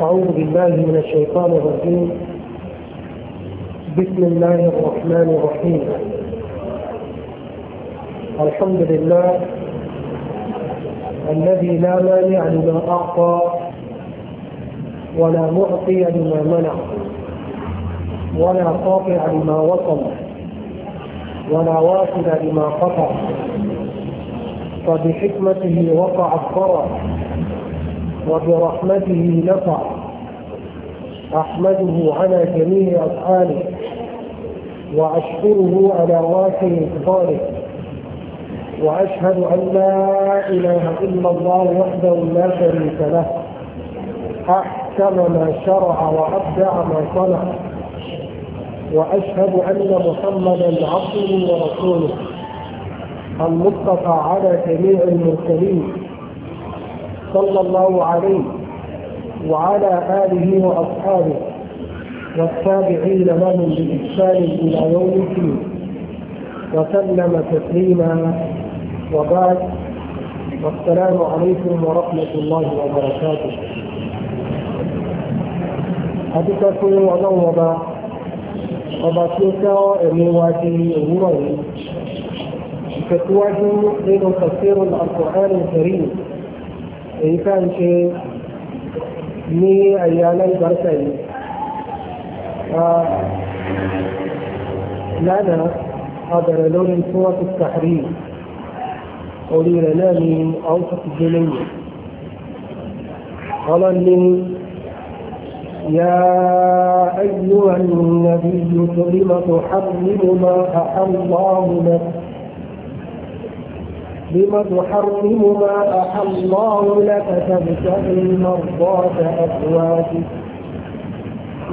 أعوذ بالله من الشيطان الرجيم بسم الله الرحمن الرحيم الحمد لله الذي لا مانع لما أعطى ولا معطي لما منع ولا قاطع لما وصل ولا واصل لما قطع فبحكمته وقع الضرر وبرحمته نفع أحمده على جميع أفعاله وأشكره على واسع إفضاله وأشهد أن لا إله إلا الله وحده لا شريك له أحكم ما شرع وأبدع ما صنع وأشهد أن محمدا عبده ورسوله المصطفى على جميع المرسلين صلى الله عليه وعلى آله وأصحابه والتابعين لهم بإحسان إلى يوم الدين وسلم تسليما وبعد والسلام عليكم ورحمة الله وبركاته Adúpẹ́ fún ọlọ́run ọba, ọba tí ó tẹ́ ẹ̀mí wa di एकांचे मी यानं करत आहे لنا هذا لون صورة التحرير ولي لنا من أوسط الجنية قال لي يا أيها النبي كلمة تحرم ما أحل الله لك لما تحرم ما أحل الله لك تبتغي مرضات أزواجك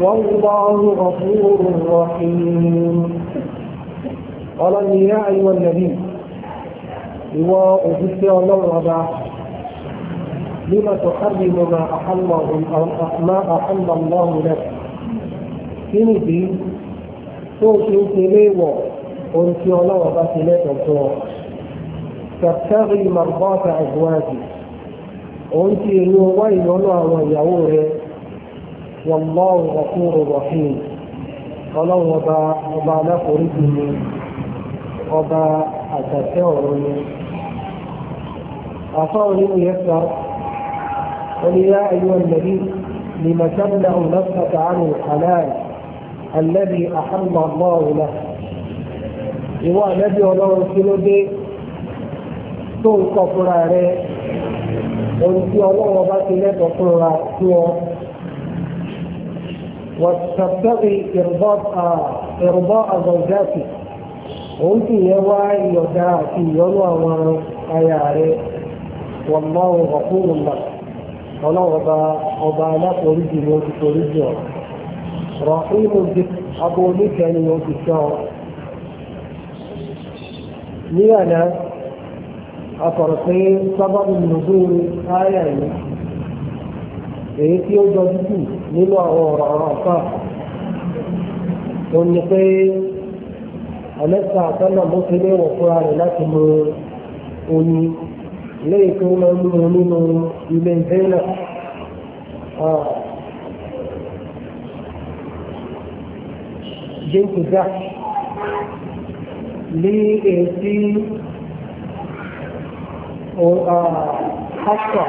والله غفور رحيم قال يا أيها النبي هو أجسي الله لما تحرم ما أحل ما أحل الله لك kíni bí tó ṣe ń ṣe léèwọ̀ ohun تبتغي مرضاة أزواجك وأنت وين ولا ويعور والله غفور رحيم ولو وضع وضع لك رجلي وضع أتشعرني أصابني يسر قل يا أيها النبي لم تمنع نفسك عن الحلال الذي أحل الله لك ìwọ àlẹ́bí ọlọ́run kí tó ń kọ fúnra rẹ ohun tí ọlọ́wọ́ bá ti lẹ́tọ̀ọ́ fúnra sí ọ. وتبتغي إرضاء إرضاء زوجاتك òun sì yẹ wá ìyọ̀dá àti ìyọ́nú àwọn aya rẹ̀ wallahu ghafurun lak ọlọ́wọ́ bá ọba aláforíjì ni ó ti foríjì ọ̀ rahimu dik abo oníkẹ́ ni ó ní àná akọ̀rọ̀ pé sábàbù nùdúró ayà yìí èyí tí ó jọjú jù nínú àwọn ọ̀rọ̀ ọ̀rọ̀ ọ̀fà òun ni pé àlẹ́sà àtọ́nà mo fi léwọ̀ fúnra rẹ̀ láti mú oyin lẹ́yìn tó máa ń mú nínú ilé ìfẹ́ náà. Bíntù dá lé èyí tí حفصة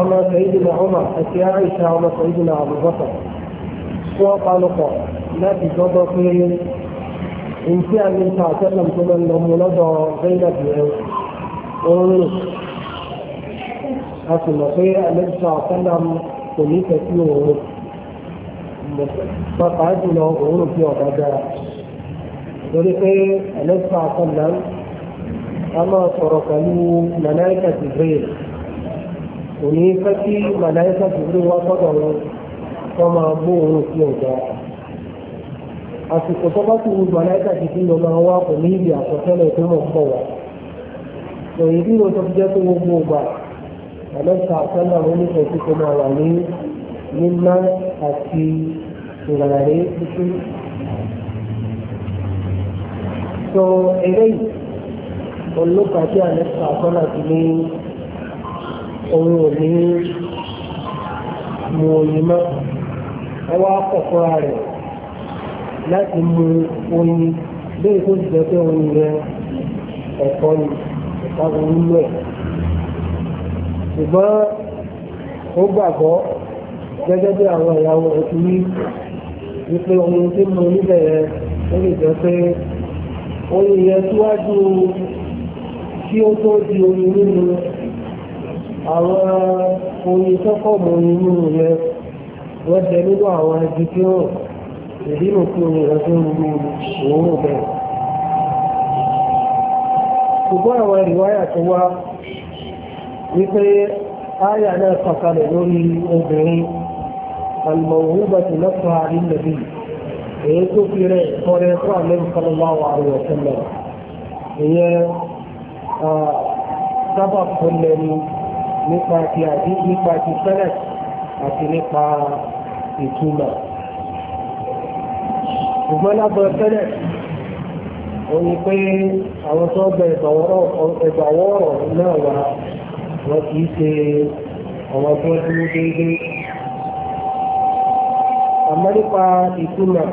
أما سيدنا عمر أتي عائشة أما سيدنا أبو بكر وقالوا قال لا تجربوا إن كان من تعتقد من المنظر بين الجهود òun a sì mọ̀ pé alẹ́sà sálà kò ní tẹ̀sí òun pàápàá jùlọ a máa sọ̀rọ̀ pẹ̀lú màláìkà Jibril kò ní fẹ́ kí màláìkà Jibril wá sọ́dọ̀ wọn kọ́ máa gbó òun sí ọ̀gá àsìkò tó bá ti wù màláìkà Jibril lọ máa wá kò ní ibi àkọsẹ́lẹ̀ tó mọ̀ pọ̀ wá èyí bí wọ́n tó fi jẹ́ pé gbogbo ọgbà àlọ́sà àtọ́lá wọn nífẹ̀ẹ́ sí kó máa wà ní mímá àti ìrànlẹ́ títí. sọ eléyìí olùkọ́ tí a lẹ́sọ̀ àtọ́nà ti ní ohun òní mu oyin mọ́ ẹ wá kọ̀kọ́ra rẹ̀ láti mu oyin bẹ́ẹ̀ tó jẹ́ pé oyin rẹ̀ ẹ̀kọ́ ni ẹ̀ka oyin lẹ̀ ṣùgbọ́n ó gbàgbọ́ gẹ́gẹ́ bí àwọn ìyàwó rẹ̀ ti rí wípé oyin tí mo níbẹ̀ yẹn ó lè jẹ́ pé oyin yẹn síwájú kí ó tó di oyin nínú àwọn oyin tọ́kọ̀ mọ oyin nínú yẹn wọ́n jẹ nínú àwọn ẹbí tí ó ìdínú tí oyin rẹ̀ tó ń lu òórùn bẹ́ẹ̀. ṣùgbọ́n àwọn ìwáyà tó wá wípé áyà náà kọ̀kalẹ̀ lórí obìnrin الموهوبة نفسها للنبي èyí tó fi rẹ̀ kọ́rẹ́ fún àlẹ́ ìfọlọ́lá àrùn ọ̀sẹ̀ lọ ìyẹn sábà tó lẹ́nu nípa ti àdí nípa ti sẹ́lẹ̀ àti nípa ìtumọ̀. ṣùgbọ́n lábọ̀ sẹ́lẹ̀ ó ní pé àwọn tó bẹ ẹgbàwọ́rọ̀ náà wá wọ́n kìí ṣe ọ̀wọ́ tó dúró déédéé. àmọ́ nípa ìtumọ̀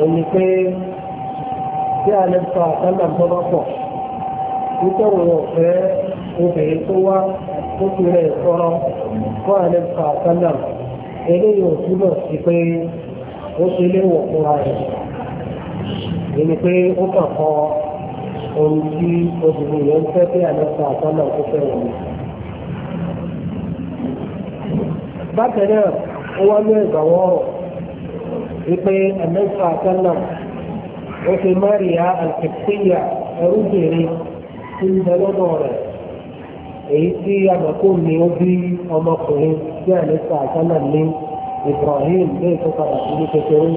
ó ní pé tí a lè sọ àtàlà tó nítorí wọn fẹ́ obìnrin tó wá tó fi rẹ̀ sọ̀rọ̀ fún àlẹ́ fàtánà eléyìí ò túbọ̀ sí pé ó ṣe léwọ̀ fúnra rẹ̀ èyí pé ó kàn kọ ohun tí obìnrin yẹn fẹ́ pé àlẹ́ fàtánà tó fẹ́ bákan náà ó wá ní ẹ̀gbà wọ́ọ̀rọ̀ wípé àlẹ́ ó fi ẹrú bèrè. tí ń bẹ lọ́dọ̀ rẹ̀ èyí tí àgbàkó ni ó bí ọmọkùnrin tí àlẹ́sà àjálà ní Ibrahim lẹ́yìn tó padà sí ní kékeré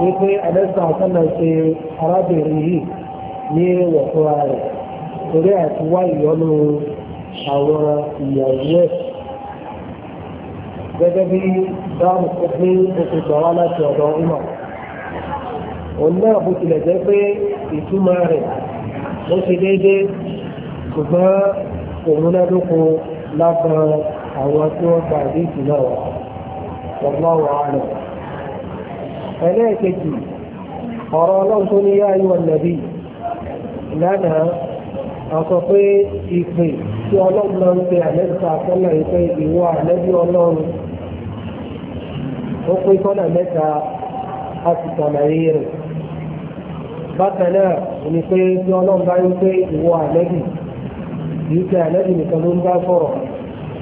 wípé àlẹ́sà àjálà ṣe arábìnrin yìí ní wọ̀fúnra rẹ̀ torí àti wá ìyọnu àwọn ìyàwó ẹ̀ gẹ́gẹ́ bí dáhùn pé ó ti láti ọ̀dọ̀ ìmọ̀ òun náà bó tilẹ̀ jẹ́ pé ìtumọ̀ rẹ̀ ó ṣe déédéé ṣùgbọ́n òmúnádókò lábọn àwọn tí wọ́n gba àdéhùn náà wà wọ́n wà lọ. ẹlẹ́ẹ̀kejì ọ̀rọ̀ ọlọ́run tó ní yá ayọ̀ nàbí lánàá àkọ́ pé ìpè tí ọlọ́run máa ń pe àlẹ́bùsọ àkọ́lẹ̀ ìpè ìwọ àlẹ́bí ọlọ́run ó pé kọ́nà mẹ́ta a sì tànàyé rẹ̀ bákan náà ni pé tí ọlọ́run bá ń pé ìwọ àlẹ́bì yìí ti àlẹ́bì nìkan ló ń bá sọ̀rọ̀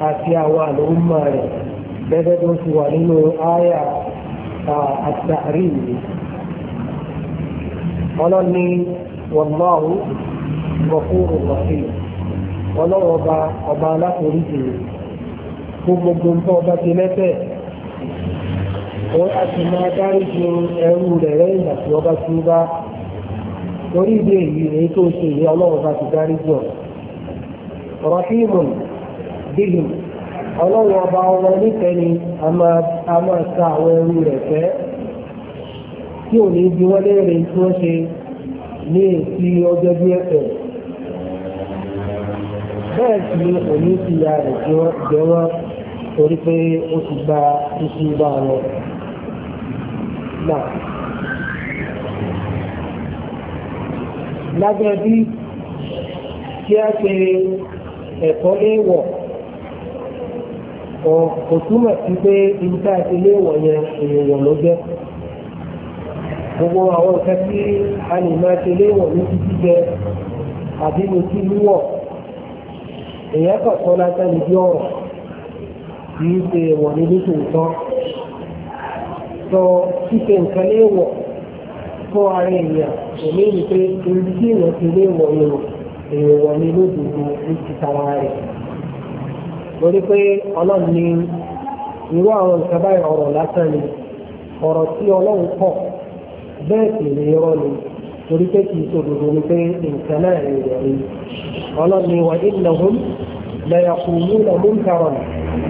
àti àwọn àlòmọ́ rẹ̀ gẹ́gẹ́ tó ti wà nínú àyà àtàrí yìí. ọlọ́run ní wàlláhu gbọ̀kúrò lọ́sí ọlọ́run ọba ọba aláforíjì gbogbo nǹkan ọba ti lẹ́tẹ̀ wọ́n á ti máa dárí ju ẹrú rẹ̀ lẹ́yìn àti ọba tí ó bá torí ìdí èyí èyí tó ṣe ìwé ọlọ́run bá ti dárí jọ rahimun bihim ọlọ́run ọba wọn nífẹ̀ẹ́ ni a máa ka àwọn ẹrú rẹ̀ fẹ́ tí ò ní bí wọ́n léèrè tí wọ́n ṣe ní èsì ọjọ́ bí ẹ̀fẹ̀ bẹ́ẹ̀ sì ni òní ti ya rẹ̀ jẹ́ wọ́n torí pé ó ti gba tuntun bá wọn náà. lábẹ́ bí kí a ṣe ẹ̀kọ́ léèwọ̀ kò túmọ̀ sí pé ibi tá a ti léèwọ̀ yẹn èèyàn ló jẹ́ gbogbo àwọn nǹkan tí a lè máa ṣe léèwọ̀ ní ti jíjẹ àbí ní ti wíwọ̀ èèyàn kọ̀ọ̀kan lásán ní bí ọ̀rọ̀ kì í ṣe wọ̀ ní nítòótọ́ sọ ṣíṣe nǹkan léèwọ̀ fún ara èèyàn èmi rí pé ibi tí èèyàn ti lé wọ̀ ni èèyàn wọ̀ ni lódodo ní ti tara rẹ̀ lórí pé ọlọ́run ní irú àwọn nǹkan báyìí ọ̀rọ̀ lásán ni ọ̀rọ̀ tí ọlọ́run kọ̀ bẹ́ẹ̀ sì ni irọ́ ni torí pé kì í sòdodo ni pé nǹkan náà rẹ̀ wọ̀ ni ọlọ́run ní wà nílẹ̀ hùn lẹ́yà kù múlẹ̀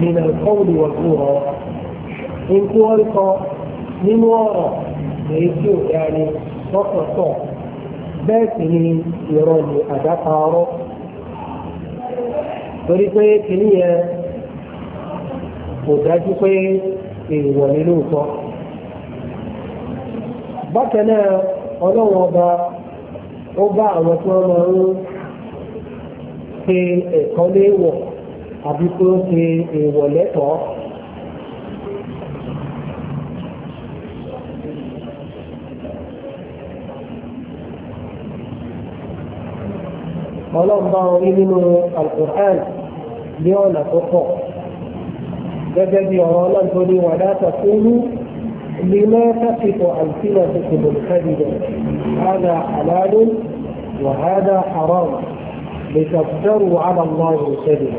nínú kọ́wùlì wọ̀ fún ọ. nǹkan wọn kọ nínú ọ̀rọ̀ èyí tí ò dáa ni lọ́sọ̀tọ̀ bẹ́ẹ̀ sì ni ìrọ̀ ni àdápa torí pé kìíní yẹn kò dájú pé èèwọ̀ ni bákan náà ọba ó bá àwọn tí wọ́n máa ń ṣe ẹ̀kọ́ léèwọ̀ àbí ṣe èèwọ̀ ọlọ́run bá wọn rí nínú alukur'an ní ọ̀nà tó pọ̀ gẹ́gẹ́ bí ọ̀rọ̀ ọlọ́run tó ní wàdà àtàkùnú لما تصف ألسنتكم الكذبة هذا حلال وهذا حرام لتفتروا على الله الكذب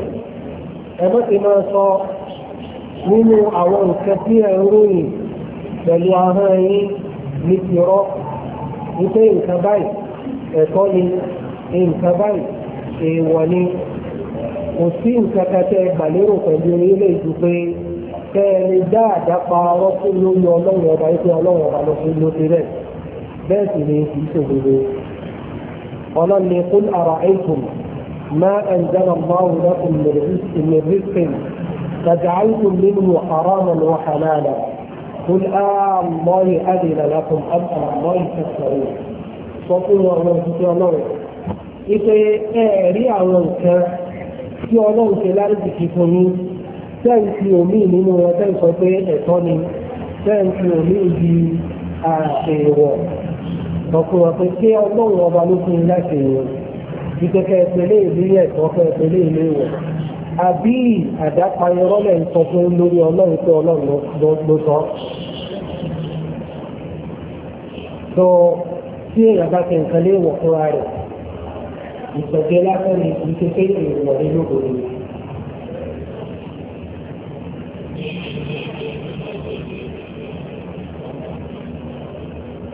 ẹgbẹ́ ti máa sọ nínú àwọn nǹkan tí ẹ ń ròyìn pẹ̀lú ahọ́n yín ní tìrọ́ wípé nǹkan báyìí ẹ̀kọ́ ni nǹkan báyìí èèwọ̀ ni kò sí nǹkan kan tẹ́ gbàlérò pẹ̀lú ilé ìlú pé tẹ́ ẹ lè dá àdápa ọ̀rọ̀ kó lórí ọlọ́run ọba yìí pé ọlọ́run ọba ló fi ló ti rẹ̀ bẹ́ẹ̀ sì ni kì í ṣòdodo ọlọ́run ni kún ara ẹ̀kùn máa ń dáná máa wù lọ́kùn mẹ̀rẹ́sìn فجعلتم منه حراما وحلالا قل آه الله أذن لكم أم الله تكفرون وقل والله تكفرون ipe ẹ̀ẹ̀rí àwọn nǹkan tí ọlọ́run ṣe lárúkì kí fún yín tẹ́ẹ̀ fi omi nínú wọn tẹ́ẹ̀ sọ pé ẹ̀tọ́ ni tẹ́ẹ̀ fi omi di àṣewọ̀ ọkùnrin pé kí ọlọ́run ọba ló fún láti wọ̀ ìkẹ́kẹ́ ìpele ìlú ẹ̀tọ́ fẹ́ ìpele ìlú ìwọ̀ àbí àdápayọrọ ń sọ fún lórí ọlọ́run pé ọlọ́run ló sọ so tí èèyàn bá ti nǹkan léèwọ̀ fúnra rẹ̀ ìpẹ̀jẹ́ lásán ni ìṣẹ́fẹ́ ìrìnàlẹ́ lóko ni.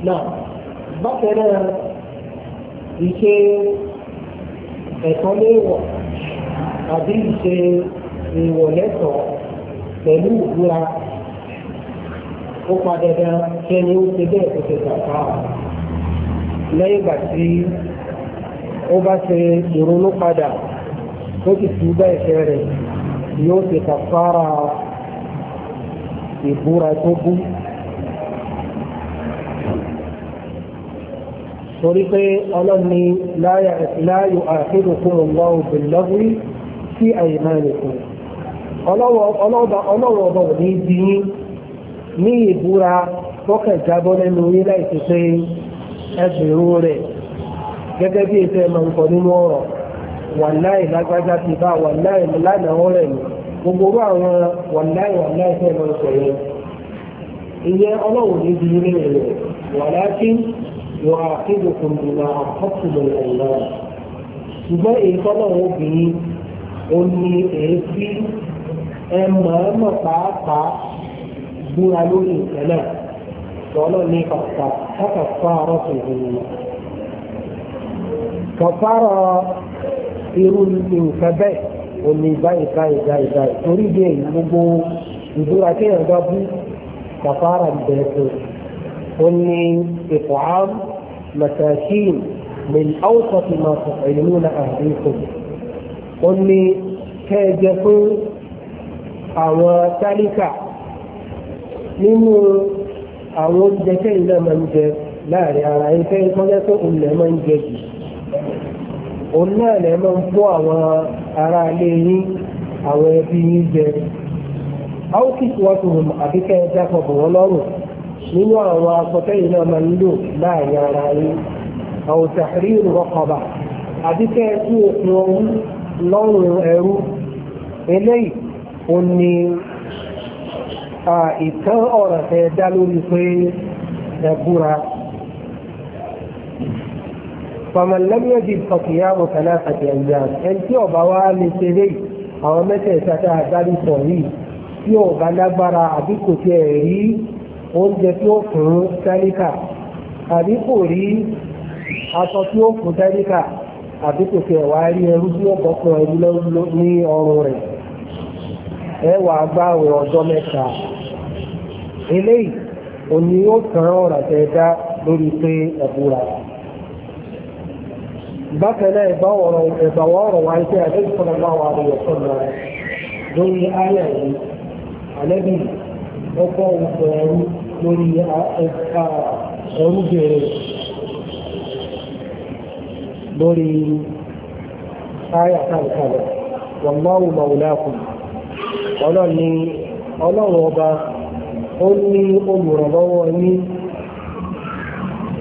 náà bákan náà ìṣe ẹ̀tọ́ léèwọ̀ àbí ìṣe èèwọ̀ lẹ́tọ̀ọ́ pẹ̀lú ìbúra ó pa dandan kí ẹni ó ṣe bẹ́ẹ̀ kó ṣe kàkà lẹ́yìn ìgbà tí. o bá ṣe ìrònú padà tó ti fi bá ẹ̀ṣẹ̀ rẹ̀ yóò ṣe kàfàrà ìbúra tó bú. torí pé ọlọ́ni láyò àfihàn ọlọ́run bìlọ́wí sí àyèmánìkùn ọlọ́run ọba ò ní bí yín ní ìbúra tọ́kẹ̀ jábọ́ lẹ́nu pé ẹgbẹ̀rún rẹ̀ gẹ́gẹ́ bí ètò ẹ̀mọ̀ nǹkan nínú ọ̀rọ̀ wàláì lágbájá ti bá wàláì lánàá ọ̀rẹ́ mi gbogbo orú àwọn wàláì wàláì fẹ́ lọ sọ yẹn ìyẹn ọlọ́run ní bí ilé rẹ̀ wàláàkín yọ àkíndùkùn ìlà àkọ́kùnrin ẹ̀yà ṣùgbọ́n èyí tọ́lọ́run obìnrin ó ní èéfí ẹ mọ̀ọ́mọ̀ pàápàá búra lórí ìtẹ́lẹ̀ tọ́lọ́ ní kàkà kàkà fáárọ̀ tó ìdílé náà kàfàrà irú nǹkan bẹ́ẹ̀ ò ní báyìí báyìí báyìí báyìí torí bí èyí gbogbo ìdúrà tí èèyàn bá bú kàfàrà bẹ̀rẹ̀ tó ó ní ipò àm mẹtẹ̀ẹ̀kìn min awsat ma tu'iluna ahlikum ó ní kẹ́ẹ̀jẹ fún àwọn tálíkà nínú àwọn oúnjẹ kẹ́yìn náà máa ń jẹ láàrin ara ẹni kẹ́yìn kọ́jẹ́ tó ń lẹ̀ máa ń jẹ jù òun náà lè máa ń kó àwọn ará ilé yín àwọn ẹbí yín jẹ áwòkìtì wọn tó hùm àbíkẹ́ ẹja kan bọ̀ wọ́n lọ́rùn nínú àwọn akọ̀tẹ́yìn náà máa ń lò láàrin ara yín àwọn tàhírí rọkọ̀bà àbíkẹ́ ẹkú òkun ọ̀hún lọ́rùn ẹrú eléyìí ó ní ìtàn ọ̀rọ̀ tẹ dá lórí pé ẹ búra. فمن لم يجد فصيام ثلاثة أيام ẹni ò bá wá lè ṣe èyí àwọn mẹ́tẹ̀ẹ̀ta tá a dárí sọ yìí tí ò bá lágbára àbí kò tiẹ̀ rí oúnjẹ tí ó fún tẹ́líkà àbí kò rí aṣọ tí ó fún tẹ́líkà àbí kò tiẹ̀ wá rí ẹrú tí ó bọ́ fún ẹrú ní ọrùn rẹ̀ ẹ wà gbáwẹ̀ ọjọ́ mẹ́ta eléyìí òní yóò tán ọ̀rọ̀ àtẹ̀dá lórí pé ẹ̀bùra. bákan náà ìbáwọ̀ ọ̀rọ̀ wáyé pé àdéhùn fún ọgbà wà lóye fún ọgbà lórí ayé yìí àlẹ́bí ọkọ̀ òkè ẹ̀rú lórí ẹ̀rú bèrè lórí ọba onye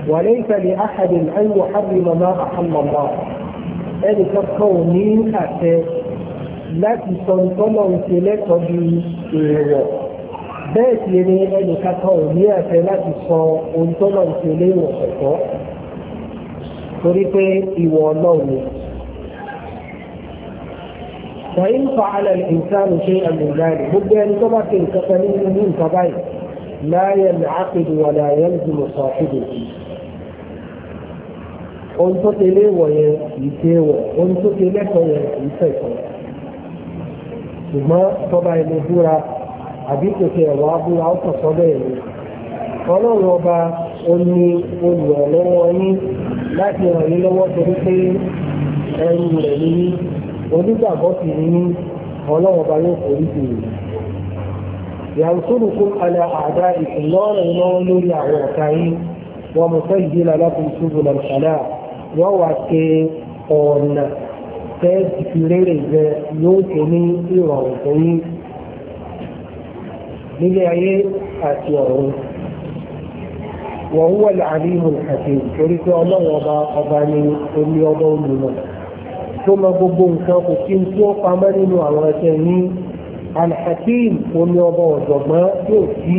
وليس لأحد أن يحرم ما أحل الله ẹnì kankan ò ní àṣẹ láti sọ ìtọ́nà ìṣẹlẹ́tọ̀ di èèwọ̀ bẹ́ẹ̀ sì ni ẹnì kankan ò ní àṣẹ láti sọ ìtọ́nà ìṣẹlẹ́wọ̀ ẹ̀tọ́ torí pé ìwọ ọlọ́run ni. فإن فعل الإنسان شيئا من ذلك gbogbo ẹni tó bá ṣe nǹkan kan nínú nǹkan báyìí لا ينعقد ولا يلزم صاحبه ohun tó ṣe léèwọ̀ yẹn kì í ṣe wọ̀ ohun tó ṣe lẹ́tọ̀ọ́ yẹn kì í ṣẹ̀tọ́ ṣùgbọ́n tọ́ba ẹni búra àbí kò ṣe ẹ̀wọ̀ abúra ó kàn sọ́ bẹ́ẹ̀ ọlọ́run ọba ó ní olùrànlọ́wọ́ yín láti ràn yín lọ́wọ́ torí pé ẹrù rẹ̀ ní onígbàgbọ́ sì ní ní ọlọ́run ọba yóò forí sí i ينصركم على أعدائكم لا ينال لي أعواتين ومسجل لكم سبل الخلاء yóò wá ṣe ọ̀nà tẹ́ ìfìlérè jẹ yóò ṣe ní ìrọ̀rùn tó yín nílé ayé àti ọ̀run wọ́n wọ́n lè àríwò àti torí pé ọlọ́run ọba ọba ni omi ọba olùmọ̀ tó mọ gbogbo nǹkan kò sí tí ó pamọ́ nínú àwọn ẹsẹ̀ ní alhakim omi ọba ọ̀jọ̀gbọ́n yóò sí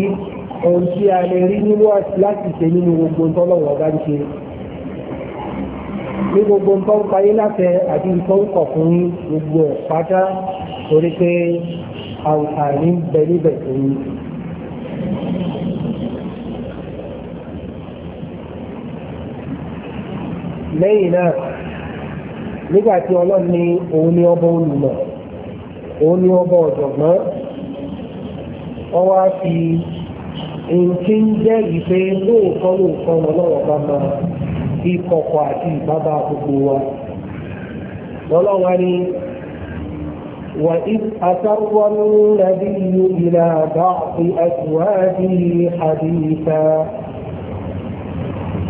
ohun tí a lè rí nínú láti ṣe nínú gbogbo tọ́lọ́run ọba ń ṣe ní gbogbo ń tán payé láfẹ́ àti ń kọ̀ fún gbogbo ẹ̀ pátá torí pé àǹfààní bẹ níbẹ̀ fún yín. lẹ́yìn náà nígbà tí ọlọ́run ní òun ní ọba olùmọ̀ òun tí kọ̀kọ̀ àti ìbábá gbogbo wa ọlọ́wà ni wà àtàrwà nàbí ìlà báàkì àtúwádì àdìsá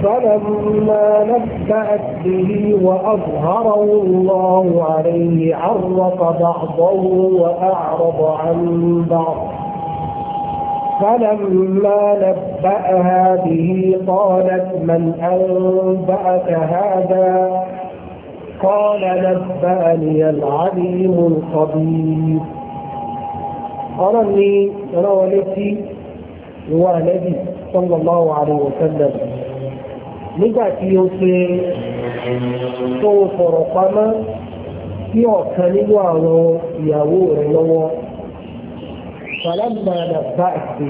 فلما نبأت به وأظهره الله wà عرف بعضه وأعرض عن بعض فلما نبأها به قالت من أنبأك هذا قال نبأني العليم الخبير أرني روالتي والنبي صلى الله عليه وسلم نبأتي يوسف tó fọ̀rọ̀ pamọ́ sí ọ̀kan nínú fàlámà nàbà àgbègbè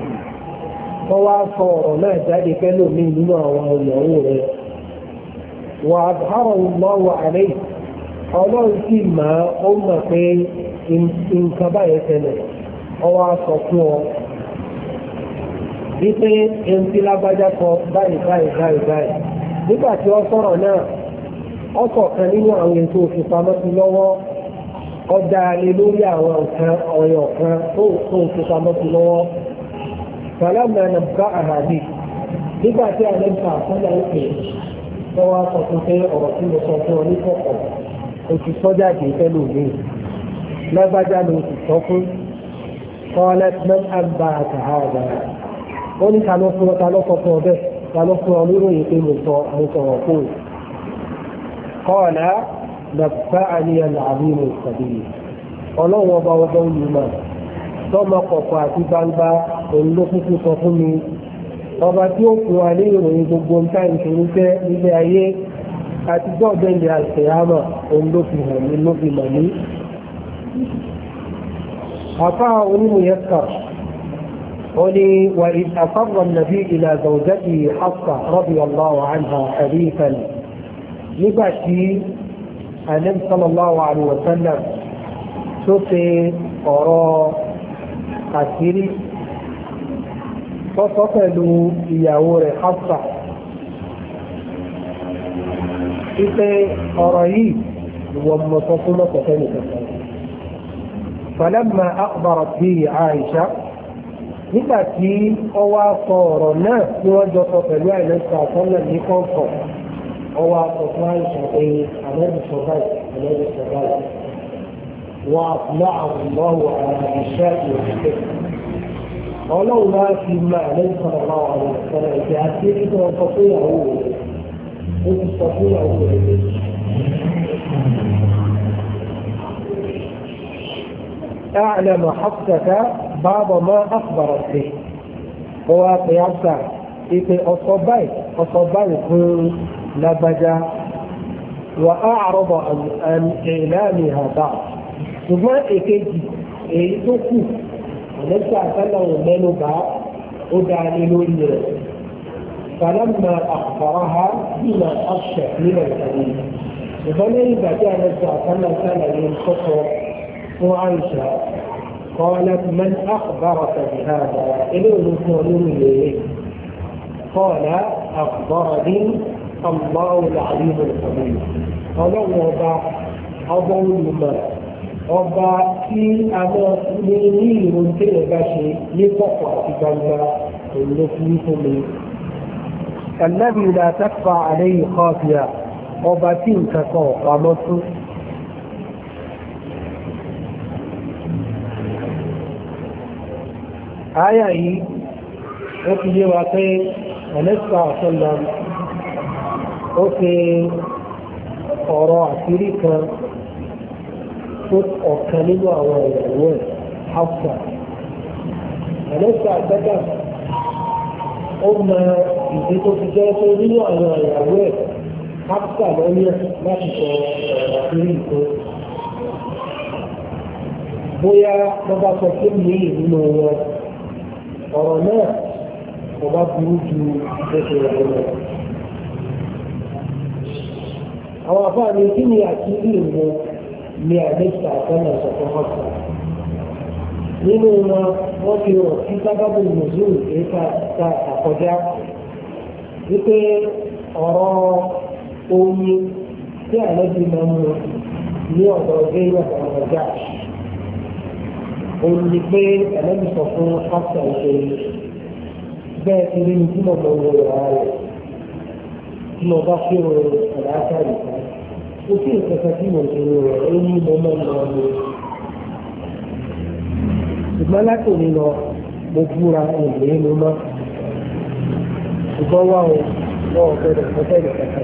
wọ́n wá sọ ọ̀rọ̀ náà jáde pẹ́lú mi nínú àwọn ìyàwó rẹ̀ wà á bára lọ wà àlẹ́ ọ lágbájá báyìí báyìí báyìí báyìí nígbà tí sọ̀rọ̀ náà nínú àwọn ètò ọjà ni lórí àwọn nǹkan ọ̀yọ̀ kan tó ń fi pamọ́ sí lọ́wọ́ pàlámà nà bá àhàbì nígbà tí a lè fa àkọ́lá ìpè tó wá sọ fún pé ọ̀rọ̀ tí mo sọ fún ọ nípọ̀kọ̀ oṣù sọ́jà kì í fẹ́lú mi lágbájá ló ti sọ fún kọ́lẹ́ mẹ́m àgbà àtàhàgbà ó ní ta ló fún ọ ta ló sọ fún ọ bẹ́ẹ̀ ta ló fún ọ lóròyìn pé mo sọ mo sọ̀rọ̀ fún un kọ́ọ̀lá nàbàání àlàáfíà ìsàbíyì ọlọ́run ọba ọba olùmọ̀ tọ́mọ kọ̀kọ̀ àti gbangba olókùnkùn sọ fún mi ọba tí ó fún wa ní ìròyìn gbogbo nǹkan ìṣòro jẹ́ nílé ayé àtijọ́ ọ̀gbẹ́lẹ̀ àṣẹyàmọ̀ òun ló fi hàn mí ló fi mọ̀ mí. àfa onímọ̀yẹ́ kà ó ní wà ìtàkọ́rọ̀ nàbí ìlà zọ̀jẹ́bì Hafsa rọ́bì ọ̀lá wà á nà nígbà tí anabi sallallahu alayhi wa sallam tó ṣe ọ̀rọ̀ àṣírí tọ́tọ́ pẹ̀lú ìyàwó rẹ̀ hafsa ipe ọ̀rọ̀ yìí wọ́n mọ̀ sọ fún mọ́tọ̀tẹ́ nìkan فلما أخبرت به عائشة nígbà tí ọwọ́ sọ ọ̀rọ̀ náà tí wọ́n jọ sọ pẹ̀lú àìlẹ́sà àtọ́lẹ̀ ní kọ́ńtọ̀ هو عثمان شعبي امام الشرقي امام الشرقي وأطلعه الله على الإنشاء والحكمة ولو ما فيما عليه صلى الله عليه وسلم في أسئلة وتطيعه وتستطيعه بالإنشاء اعلم حقك بعض ما اخبرت به هو قياسا في اصبعي اصبعي لبدا واعرض عن اعلامها بعد àbá ṣùgbọ́n èkejì èyí tó kù ọ̀lẹ́sà àtàlàwò mẹ́nu bá ó ní lórí rẹ̀ فلما أخبرها بما أخشى من الحديث وبني بعدها نزع كما كان ينتصر وعائشة قالت من أخبرك بهذا؟ إليه نقول إليه قال أخبرني الله العليم الخبير ọlọ́run ọba ọba olùmọ̀ ọba tí a máa ní ní ìròyìn téèyàn bá ṣe ní pọ̀pọ̀ àti gbangba òun ló fi fún mi. kàlẹ́bí la tẹ́fà àlẹ́yìn kọ́ọ̀fìà ọba tí nǹkan kan pamọ́ fún. àyà yìí ó fi yé wa pé ẹ̀lẹ́sà ọ̀sán náà ó fi ọ̀rọ̀ àṣírí kan tó ọ̀kan nínú àwọn ìyàwó ẹ̀ hafsa ẹ̀lẹ́sà àgbẹ́dà ó mọ ìdí tó ti jẹ́ pé nínú àwọn ìyàwó ẹ̀ hafsa lọ́yẹ̀ láti sọ ọ̀rọ̀ àṣírí kan bóyá wọ́n bá sọ pé mi ì nínú wọn ọ̀rọ̀ náà kò burú ju ìgbésẹ̀ ìyàwó rẹ̀ àwọn afáàní kí ni àti ilé ìwọ ni àdéṣà àtọ́nà ìṣọ̀kan ọ̀sán nínú wọn wọ́n fi hàn sí sábàbù nùzúù èékà ta àkọjá wípé ọ̀rọ̀ omi tí àlejò máa ń mu ní ọ̀dọ̀ ọdẹ ìwọ̀n ọ̀gá òní pé àlejò sọ fún ọ̀sán ìṣòro bẹ́ẹ̀ ti rí ní tí mo mọ̀ wọ̀ ọ̀rọ̀ rẹ̀ tí mo bá fi rò àlàáfíà rẹ̀ ká kò sí ìkẹta tí mo ti rò rẹ̀ ó ní mo máa ń lọ lọ. ṣùgbọ́n látòní lọ mo búra ìlú mo mọ́ ṣùgbọ́n wà ó wọ́n ọ̀gbẹ́dẹ̀ ọ̀gbẹ́dẹ̀ kẹta.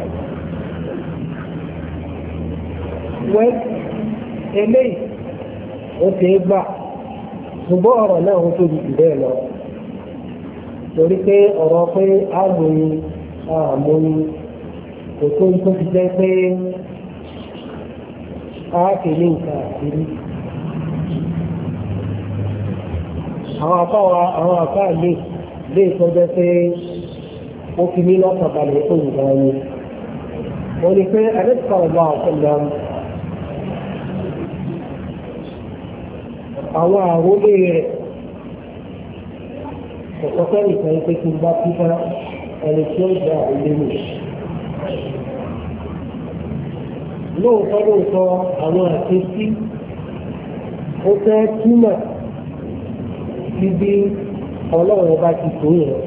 wẹ́ eléyìí ó ti gbà ṣùgbọ́n ọ̀rọ̀ náà ó tóbi jù bẹ́ẹ̀ lọ torí pé ọ̀rọ̀ pé àgbòyìn àmóyìn kò tó ń tó ti jẹ́ pé a kè ní nǹkan àkíní. àwọn afá wa àwọn afá lè lè tó jẹ́ pé ó fi mí lọ́kàn balẹ̀ tó wù gan wọ́n ní pé àdéhùn ọ̀gá ọ̀sẹ̀lá àwọn àrólé rẹ̀ kò sọ nìkan pé kí n bá pípa ẹni tí ó gba ìlú mi. lóòótọ́ lóòótọ́ àwọn àkẹ́sí ó fẹ́ túmọ̀ síbi ọlọ́run ọba ti tó yẹn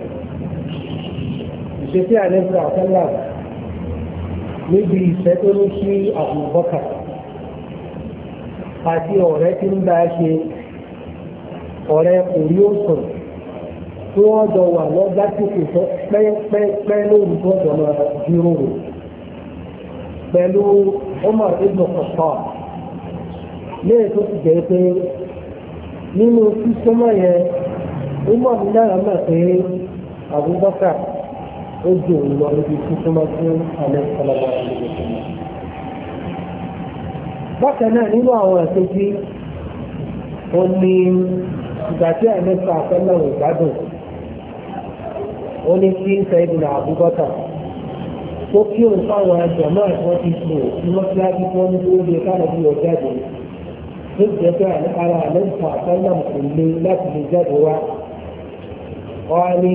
ìṣesí àlẹ́fẹ́ àtẹ́lá níbi ìfẹ́ tó ní sí àbúbọ́kà àti ọ̀rẹ́ tí ń bá a ṣe ọ̀rẹ́ orí òsùn tí wọ́n jọ wà lọ́gbàtìkù pẹ́ẹ́pẹ́ẹ́pẹ́ lórí tó jọ máa jíròrò. pẹ̀lú Umar ibn Khattab léè tó ti jẹ́ pé nínú sísọ́mọ́ yẹn Umar náà mọ̀ pé Abubakar ó jù lọ níbi sísọ́mọ́ fún alẹ́ sọlọ́wọ́ àdúgbò bákan náà nínú àwọn àṣejí ó ní ìgbà tí àìmẹ́fà àfẹ́lẹ́ ìgbádùn ó ní kí sẹ́yìn Abubakar. tó kí òun fáwọn àjọmọ́ ẹ̀kọ́ ti fò ní mọ́síláàbí tó ń tó yẹ káàdì bí ọ̀jáde tó jẹ́ pé ara àlẹ́ǹkà àtàlà kò le láti lè jáde wá. wọ́n ní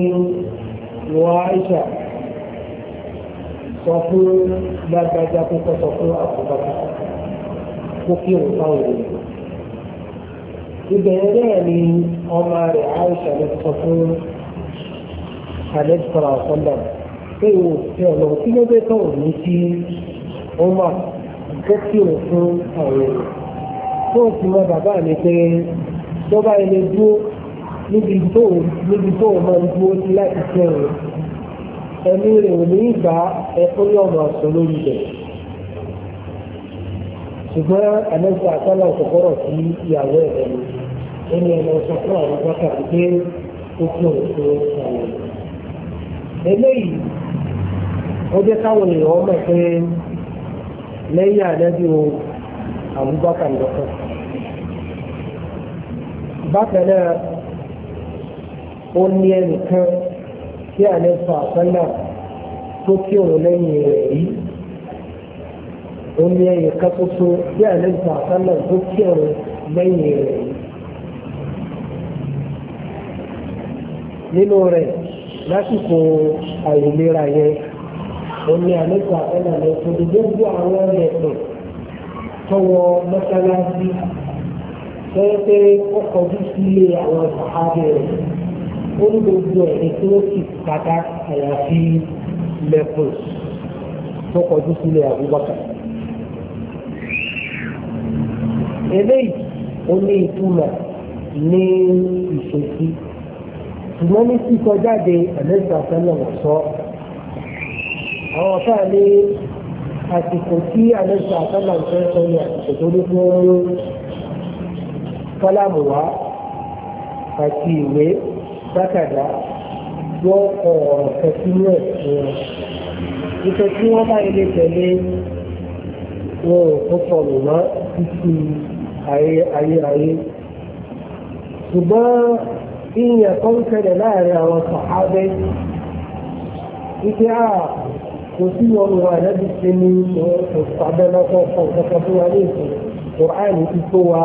ìwọ Aisha sọ fún lágbájá tó kọ́sọ̀ fún àkùbákà tó kí òun fáwọn ènìyàn. ìbẹ̀rẹ̀ náà ni ọmọ rẹ̀ Aisha ló sọ fún àlẹ́ǹkà àtàlà pé o ṣe ọ̀nà tí ló dé tán òní tí ó mà tó kí o fún àwọn èèyàn tó ti mọ bàbá mi pé tó bá ilé dúró níbi tó níbi tó o máa ń dúró sí láti kẹrin ẹni rẹ̀ ò ní ìgbà ẹkún ní ọ̀nà ọ̀sán lórí rẹ̀ ṣùgbọ́n àlẹ́sẹ̀ àtàlà òkòkòrò sí ìyàwó ẹ̀ ẹni ẹni ọ̀sán fún àwọn wákàtí pé ó kí òun fún àwọn eléyìí ó jẹ́ káwọn èèyàn mọ̀ pé lẹ́yìn ànábì o àbúbákà lọ́kàn. bákan náà ó ní ẹnìkan tí àlẹ́fà àpẹ́lá tó kí òun lẹ́yìn rẹ̀ rí ó ní ẹnìkan tó tó tí àlẹ́fà àpẹ́lá tó kí òun lẹ́yìn rẹ̀ rí. nínú rẹ̀ lásìkò àìlera yẹn omi àlẹ́kọ̀ọ́ àtọ́nà lọ sódì gbogbo àwọn ẹlẹ́pẹ̀ tọwọ́ mọ́sálásí lọ́wọ́ pé ó kọjú sílé àwọn sàhábẹ̀ rẹ̀ ó ní gbogbo ẹ̀ ní tí ó sì pátá àyàfi lẹ́pẹ̀ tó kọjú sílé Abubakar. eléyìí ó ní ìtumọ̀ ní ìṣesí ṣùgbọ́n ní kíkọ jáde ẹ̀lẹ́sìn àtọ́nà wọ̀ sọ́ọ́ àwọn ọ̀sán ní àsìkò tí àlẹ́sà àtàlà ìfẹ́ sọ ní àsìkò tó ní fún kọ́lámù wá àti ìwé dákàdá wọ́n kọ ọ̀rọ̀ kẹsí ní ẹ̀sìn wọn. Ìfẹ́ tí wọ́n bá ilé tẹ̀lé wọn ò tó sọ̀rọ̀ mọ́ títí Ṣùgbọ́n ìyẹn kan ń ṣẹlẹ̀ láàrin àwọn sàhábẹ́. Ìfẹ́ àà ah, kò sí ọmọ ànábì ṣe ní ìpàdánlọ́kọ̀ kan kankan fún wa ní ìsìn kùránì ti tó wa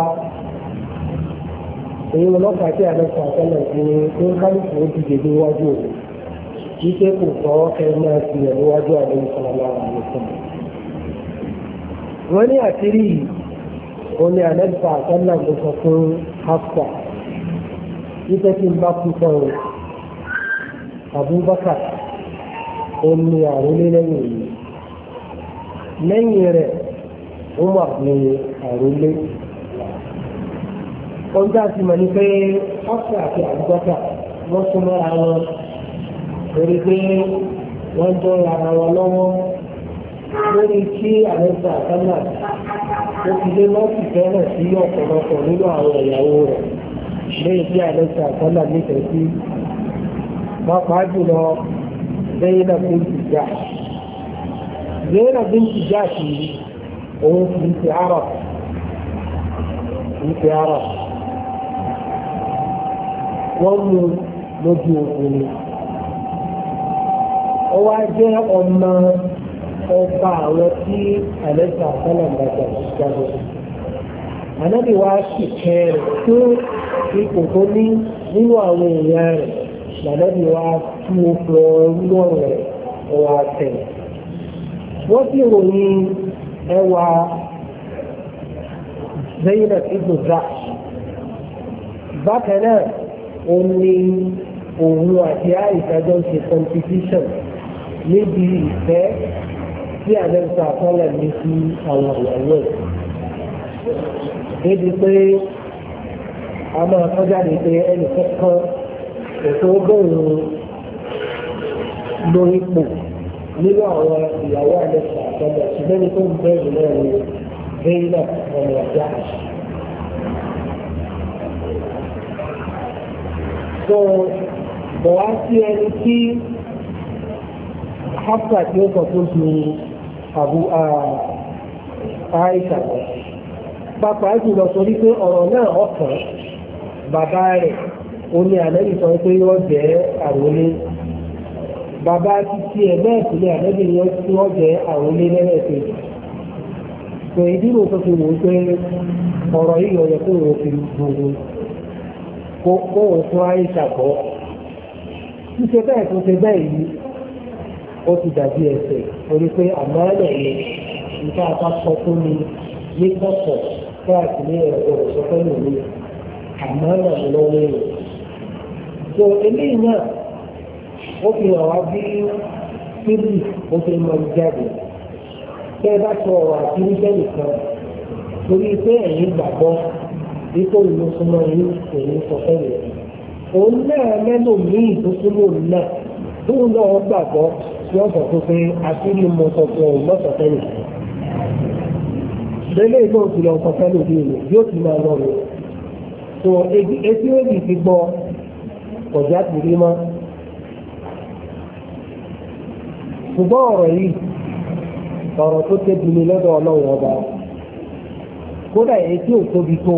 èyí ọlọ́pàá tí àdọ́sọ àtọ́nà ti ní tó ń kálùkù ó ti dèdè wájú òun kí pé kò sọ ẹni máa ti yẹ̀ níwájú àdéhùn sọlọ́lá onu àrólé lẹ́yìn yìí lẹ́yìn rẹ̀ Umar ní àrólé ohun tá a ti mọ̀ ní pé ọ́sà àti àbúgbàtà wọ́n tún mọ́ wọn torí pé wọ́n jọ ara wọn lọ́wọ́ lórí kí àlẹ́sà àtàlà ó fi lé lọ́sì fẹ́ràn sí ọ̀pọ̀lọpọ̀ nínú àwọn ìyàwó rẹ̀ Zainab binti Jahsh Zainab binti Jahsh yìí òun kì í ti Arab kì í ti Arab wọ́n mú lójú ogun ni ó wá jẹ́ ọmọ ọba àwọn tí àlẹ́sà sálàmùdàgbà jáde. Ànábì wa sì kẹ́ tó ipò tó ní nínú àwọn èèyàn rẹ̀ lànàbí wa tú ọkọ̀ lọ́rẹ̀ ẹwà tẹ̀. wọ́n sì ròyìn ẹwà Zainab ibn Jahsh bákan náà ó ní òun àti àìsàjọ ń ṣe competition níbi ìfẹ́ tí àdẹ́sà àtọ́lẹ̀ ní sí àwọn ìyàwó ẹ̀. débi pé a máa kọjá ní pé ẹnì kọ́kọ́ ẹ̀sùn ọgọ́rùn-ún ló ń pò nínú àwọn ìyàwó àlẹ́sà àtọ́lẹ̀ ṣùgbọ́n ní tó ń bẹ̀rù náà ni zainab ọmọ ọ̀gá so bọ̀ wá sí ẹni tí hafsa tí ó sọ fún mi àbú àìsàn pápá jùlọ sọ wípé ọ̀rọ̀ náà ọkàn bàbá rẹ̀ ó ní ànábì sọ pé yọ jẹ́ àròlé bàbá títí ẹ̀ bẹ́ẹ̀ sì ni ànábì yọ jẹ́ àròlé lẹ́lẹ́kejì pé ìdílé tó fi wò ó pé ọ̀rọ̀ yìí fi gbogbo kó o fún àìsà bọ́ ṣíṣe bẹ́ẹ̀ tó ṣe bẹ́ẹ̀ yìí ó ti dàbí ẹsẹ̀ orí pé àmọ́ ẹ̀ lè nípa àpapọ̀ tó ní ní kọ̀ọ̀kọ̀ fún àtìlẹ́yìn ọ̀rọ̀ sọ́kẹ́ tó eléyìí náà ó fi hàn wá bí sílì ó fi mọ jáde tẹ́ ẹ bá sọ ọ̀rọ̀ àti oníṣẹ́ nìkan torí pé ẹ̀yin gbàgbọ́ dípò ìlú súnmọ́ yín èyí sọ fẹ́rẹ̀ òun náà mẹ́lò míì tó súnmọ́ òun náà tó ń lọ gbàgbọ́ tí wọ́n sọ pé àtúndì mo sọ pé òun lọ́sọ̀ fẹ́rẹ̀ lélẹ́ ìlú òsì lọ sọ fẹ́rẹ̀ bí èmi yóò ti máa lọ rẹ̀ tó etí ó sì ti gbọ́ kò jáde rí mọ́ ṣùgbọ́n ọ̀rọ̀ yìí ọ̀rọ̀ tó tẹ́bi ni lọ́dọ̀ ọlọ́run ọba kódà etí ò tóbi tó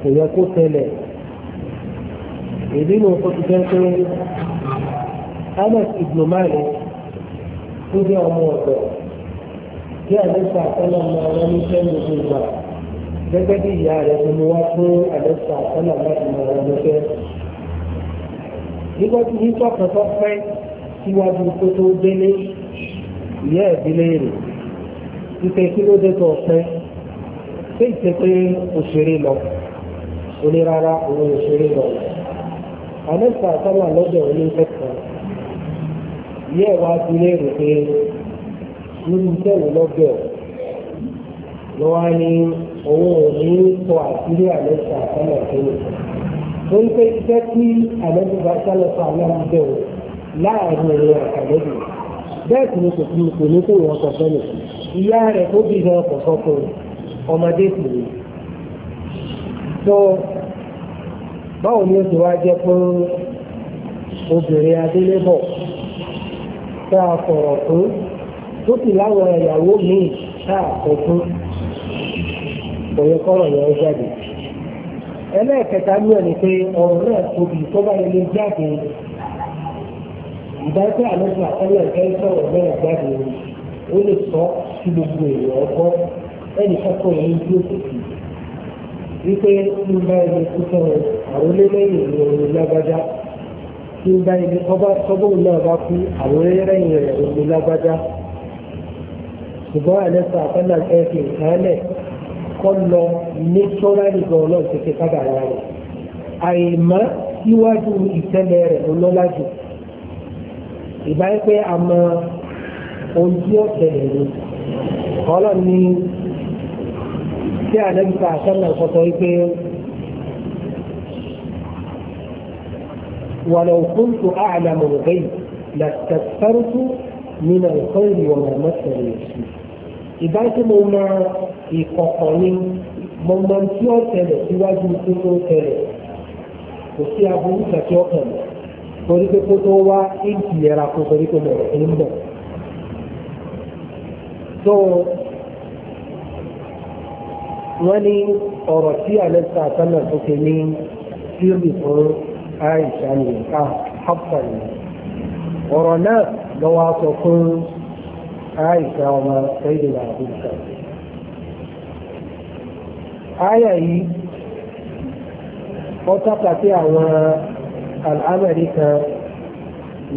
kò yẹ kó tẹlẹ̀ èdè náà tó ti jẹ́ pé Anas ibn Malik tó jẹ́ ọmọ ọ̀dọ̀ tí àlẹ́sà àtọ́nà máa ní sẹ́yìn gbogbo ìgbà gẹ́gẹ́ bí ìyá rẹ̀ tó mú wá fún àlẹ́sà àtọ́nà láti máa rán nígbàtí nítorí kan tó pẹ́ síwájú tó tó délé ìyá ìdílé rẹ̀ ìpè kí ló dé tó pẹ́ ṣé ìpè pé òṣèré lọ òní rárá òun òṣèré lọ àlẹ́sà sábà lọ́dọ̀ onífẹ́kọ̀ọ́ ìyá ìwà ìdílé rẹ̀ pé nínú iṣẹ́ wo lọ́dọ̀ lọ́wọ́ ní owó òní sọ àtúndì àlẹ́sà sábà tó nìkan torí pé iṣẹ́ tí àlejò bá sálẹ̀ fún àwọn àbẹ̀ o láàrin ẹ̀rọ àlejò bẹ́ẹ̀ sì ni kò fi kò ní kó wọn kọ̀ọ̀kan nì ìyá rẹ̀ tó bí ìhàn kọ̀ọ̀kan fún ọmọdé sì ni. tó báwo ni ó ti wá jẹ́ fún obìnrin adélébọ̀ tá a fún tó sì láwọn ìyàwó míì tá kọ̀ fún òye kọ́rọ̀ yẹn jáde ẹlẹ́ẹ̀kẹta ní ẹni pé ọ̀rọ̀ náà tóbi tó bá ilé jáde ìdájọ́ àlejò àkọlẹ̀ ẹgbẹ́ sọ̀rọ̀ náà jáde ó lè sọ sí gbogbo èrò ọkọ ẹnì kọ́kọ́ yẹn bí ó tètè wípé tí ń bá ilé kúkọ́ àwọn olélẹ́yìn ìròyìn lágbájá tí ń bá ilé ọba sọ́gbọ́n náà bá kú àwọn olélẹ́yìn ìròyìn lágbájá ṣùgbọ́n àlejò àkọlẹ̀ ẹgbẹ́ kọ́ lọ ní sọ́rẹ́lì gan ọlọ́run ti fi kága ara rẹ̀ àìmọ́ síwájú ìtẹ́lẹ̀ rẹ̀ ọlọ́lá jù ìbáyé pé a ohun tí ó tẹ̀lé ni ọlọ́run ní tí ànágbèsà àtẹ́lẹ̀ ọ̀sọ̀tọ̀ wípé ولو كنت أعلم الغيب لاستكثرت من الخير وما مسني السوء إذا كنت ìkọ̀kọ̀ ni mọ̀mọ́ tí ó tẹ̀lẹ̀ síwájú tó tó tẹ̀lẹ̀ kò sí aburú kàtí ọkàn mi torí pé kó tó wá éjì yẹra kó torí pé mọ̀rọ̀ ń bọ̀. tó wọ́n ní ọ̀rọ̀ tí alẹ́sà sánà tó ṣe ní sírì fún Aisha ní ká hapsa ní ọ̀rọ̀ náà lọ́wọ́ sọ fún Aisha ọmọ Sayyidina Abubakar àyà yìí ó tọ́ka sí àwọn àlámẹ̀rí kan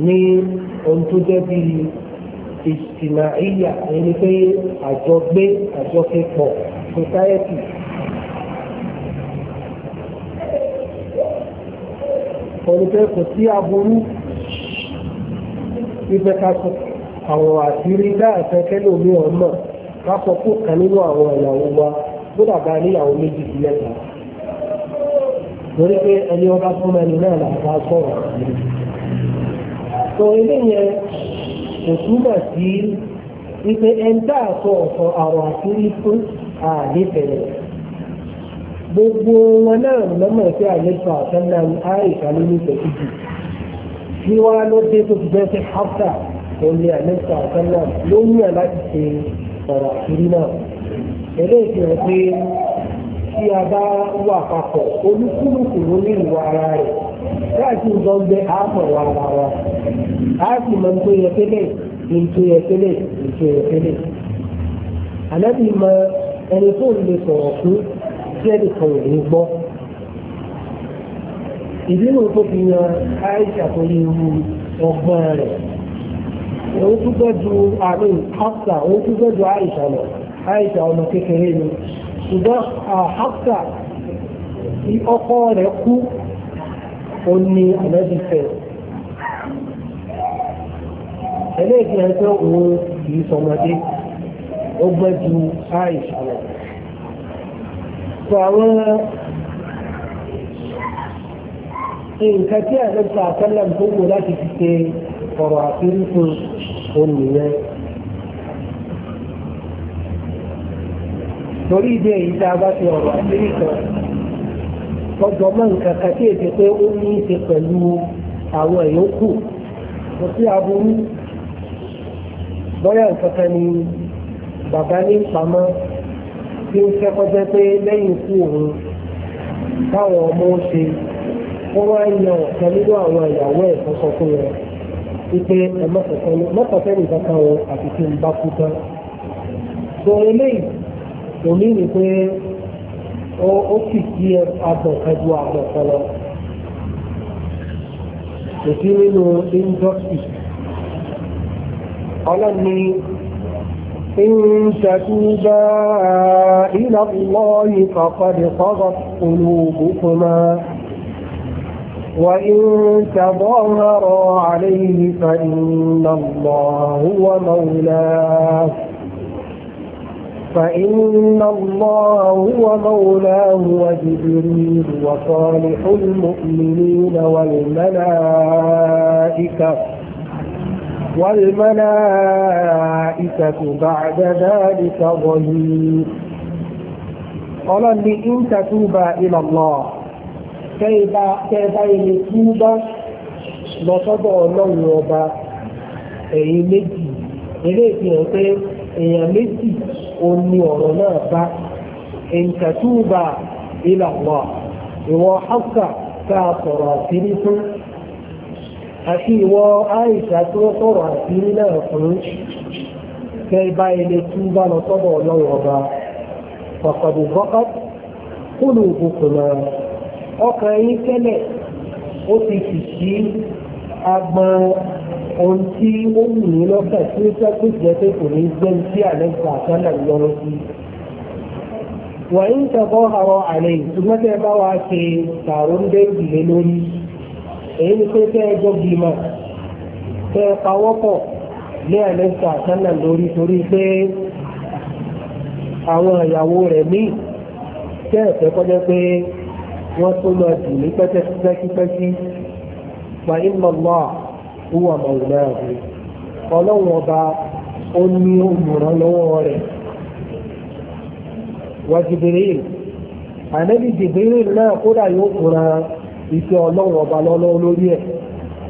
ní ohun tó jẹ́ bíi ìsìnà ìyà ẹni pé àjọgbé àjọkẹ́pọ̀ society. Olùkẹ́ kò sí aburú ìgbẹ́ka àwọn àṣírí dáàfẹ́ kẹ́lòmí ọ̀nà kápọ̀ kan nínú àwọn ìyàwó wa kódà bá níyàwó méjì sí mẹ́ta torí pé ẹni ọba fún ẹni náà làbá sọ̀rọ̀ sọ ilé yẹn kò túmọ̀ sí ipe ẹ̀ńtà àtọ ọ̀sán àrọ̀ àti ikú àdébẹ̀rẹ̀ gbogbo wọn náà lọ́mọ̀ sí àlejò àtẹ́lá àìsàn nínú ìtẹ̀síjì tí wọ́n á lọ dé tó ti bẹ́ẹ̀ sí hafta òun ni àlejò àtẹ́lá ló ń yàn ọ̀rọ̀ àkírí náà. eléyìí rẹ̀ pé tí a bá wà papọ̀ olúkúlùkù ló ní ìwà ara rẹ̀ láti ìjọ gbé àpọ̀ wà ara wa a sì mọ nítorí ẹ̀kẹ́lẹ̀ nítorí ẹ̀kẹ́lẹ̀ nítorí ẹ̀kẹ́lẹ̀ ànábì mọ ẹni tó lè sọ̀rọ̀ fún tí kan ò ní gbọ́ ìdínú tó fi yan Aisha tó ní irú ọgbọ́n rẹ̀ àìsà ọmọ kékeré ni ṣùgbọ́n àhásà tí ọkọ rẹ̀ kú ó ní ànábì fẹ́ ẹlẹ́ẹ̀kì ẹjọ́ òun kìí sọmọdé ó gbẹ́ ju àìsà lọ nǹkan tí ànábì àtọ́lẹ̀ tó wù láti fi ṣe ọ̀rọ̀ àfihàn òun nìyẹn torí ìdí èyí tá a bá fi ọ̀rọ̀ àṣírí kan ọjọ́ mọ́ nǹkan kan tí èdè pé ó ní í ṣe pẹ̀lú àwọn ìyókù kò sí aburú bóyá nǹkan kan ni bàbá ní pamọ́ tí ó fẹ́ kọjá pé lẹ́yìn ikú òun táwọn ọmọ ó ṣe wọ́n wá ń yan ọ̀kan nínú àwọn ìyàwó ẹ̀ sọ́sọ́ fún wọn wípé ẹ mọ́kànlélọ́kànlélọ́kàn wọn àti tí ń bá kú tán. sọ eléyìí òní ni pé ó sì kí agbọ̀nkájú agbọ̀nkán lọ kò sí nínú indọ́sì ọlọ́ni إن تتوبا إلى الله فقد صغت قلوبكما وإن تظاهرا عليه فإن الله هو مولاه فإن الله هو مولاه وجبريل وصالح المؤمنين والملائكة والملائكة بعد ذلك ظهير قال لئن تتوبا إلى الله كيف كيف يتوبا لصدع الله وبا أي مجي إليك أخي أي méjì òun ni ọ̀rọ̀ náà bá ìǹkàtúbà ila Allah ìwọ Hafsa ká sọ̀rọ̀ àṣírí fún àti ìwọ Àìṣà tó sọ̀rọ̀ àṣírí náà fún kẹ́ bá ilé túbà lọ sọ́dọ̀ ọlọ́run ọba pàpàdé bọ́kọ́t kúlù òkùnkùnà ọkàn yín tẹ́lẹ̀ ó ti sì sí agbọn ohun tí ó wù ní lọ́fẹ̀ tí ó fẹ́ tó jẹ́ pé kò ní gbẹ́ sí àlẹ́gbà àtàlà lọ́rọ́ sí. wàyí ń tẹ̀bọ́ ọ̀rọ̀ àlẹ́ ìtumọ̀ tẹ́ bá wa ṣe tààrùn dé ìlé lórí èyí ni pé tẹ́ ẹjọ́ gbìmọ̀ tẹ́ ẹ pawọ́pọ̀ ní àlẹ́gbà àtàlà lórí torí pé àwọn ìyàwó rẹ̀ míì tẹ́ ẹ̀fẹ́ kọjá pé wọ́n tó lọ jù ní pẹ́kípẹ́kí fa ìmọ̀ lọ́à هو مولاه ọlọ́run ọba ó ní olùrànlọ́wọ́ rẹ̀ wà jìbìrìl ànábì jìbìrìl náà kódà yóò kura iṣẹ́ ọlọ́run ọba lọ́lọ́ lórí ẹ̀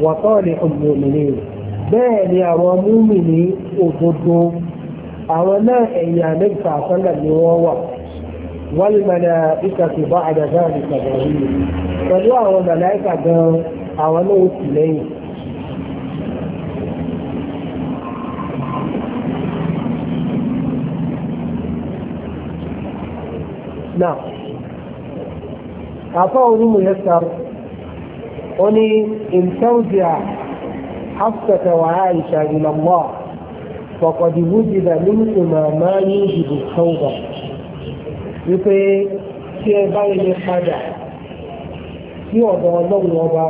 wà tọ́ọ̀lì ọ̀gbìnrin bẹ́ẹ̀ ni àwọn múmi ní òdodo àwọn náà ẹ̀yìn ànábì sàkọ́là ni wọ́n wà wọ́n mẹ́lẹ̀ ìkàtì bá àdàgbà àdìsàgbà yìí pẹ̀lú àwọn mẹ́lẹ̀ ìkàgbọ́n àwọn náà ó náà àfọ́ onímù yẹn sáré ó ní ìntẹ́wùjìá حفصة وعائشة إلى الله فقد وجد منهما ما يوجب التوبة wípé tí ẹ bá ilé padà sí ọ̀dọ̀ ọlọ́run ọba